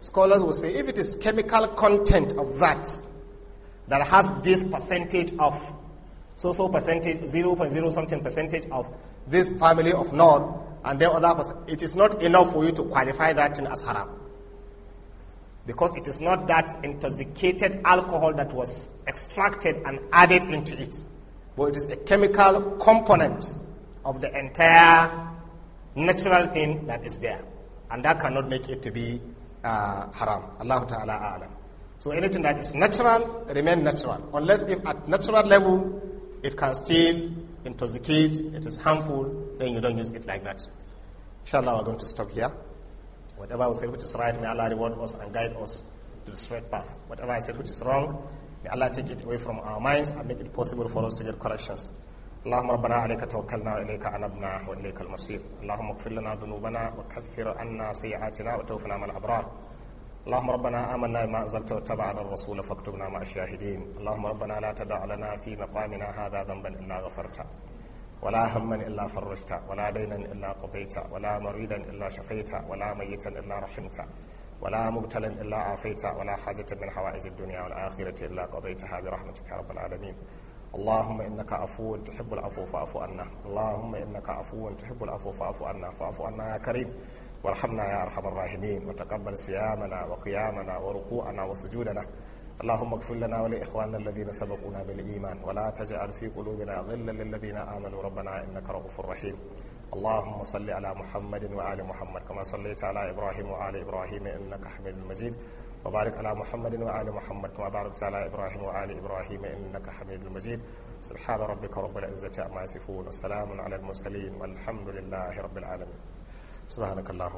Scholars will say if it is chemical content of that that has this percentage of so so percentage, 0.0 something percentage of this family of non, and then other person, it is not enough for you to qualify that thing as haram. Because it is not that intoxicated alcohol that was extracted and added into it, but it is a chemical component of the entire natural thing that is there. And that cannot make it to be uh, haram. Allah Ta'ala A'lam. So anything that is natural, remain natural. Unless if at natural level, it can still intoxicate, it is harmful, then you don't use it like that. Inshallah, we're going to stop here. Whatever I said which is right, may Allah reward us and guide us to the straight path. Whatever I said which is wrong, may Allah take it away from our minds and make it possible for us to get corrections. اللهم ربنا عليك توكلنا واليك انبنا واليك المصير اللهم اغفر لنا ذنوبنا وكفر عنا سيئاتنا وتوفنا من الابرار اللهم ربنا آمنا بما أنزلت واتبعنا الرسول فاكتبنا مع الشاهدين اللهم ربنا لا تدع لنا في مقامنا هذا ذنبا إلا غفرته ولا هما إلا فرجته ولا دينا إلا قضيته ولا مريضا إلا شفيته ولا ميتا إلا رحمته ولا مبتلا إلا عافيته ولا حاجة من حوائج الدنيا والآخرة إلا قضيتها برحمتك يا رب العالمين اللهم انك عفو تحب العفو فاعف عنا اللهم انك عفو تحب العفو فاعف عنا فاعف عنا يا كريم وارحمنا يا أرحم الراحمين وتقبل صيامنا وقيامنا وركوعنا وسجودنا اللهم اغفر لنا ولإخواننا الذين سبقونا بالإيمان ولا تجعل في قلوبنا غلا للذين آمنوا ربنا إنك رؤوف رحيم اللهم صل على محمد وآل محمد كما صليت على إبراهيم وآل إبراهيم إنك حميد مجيد وبارك على محمد وآل محمد كما باركت على إبراهيم وآل إبراهيم إنك حميد مجيد سبحان ربك رب العزة عما يصفون وسلام على المرسلين والحمد لله رب العالمين subhanakallah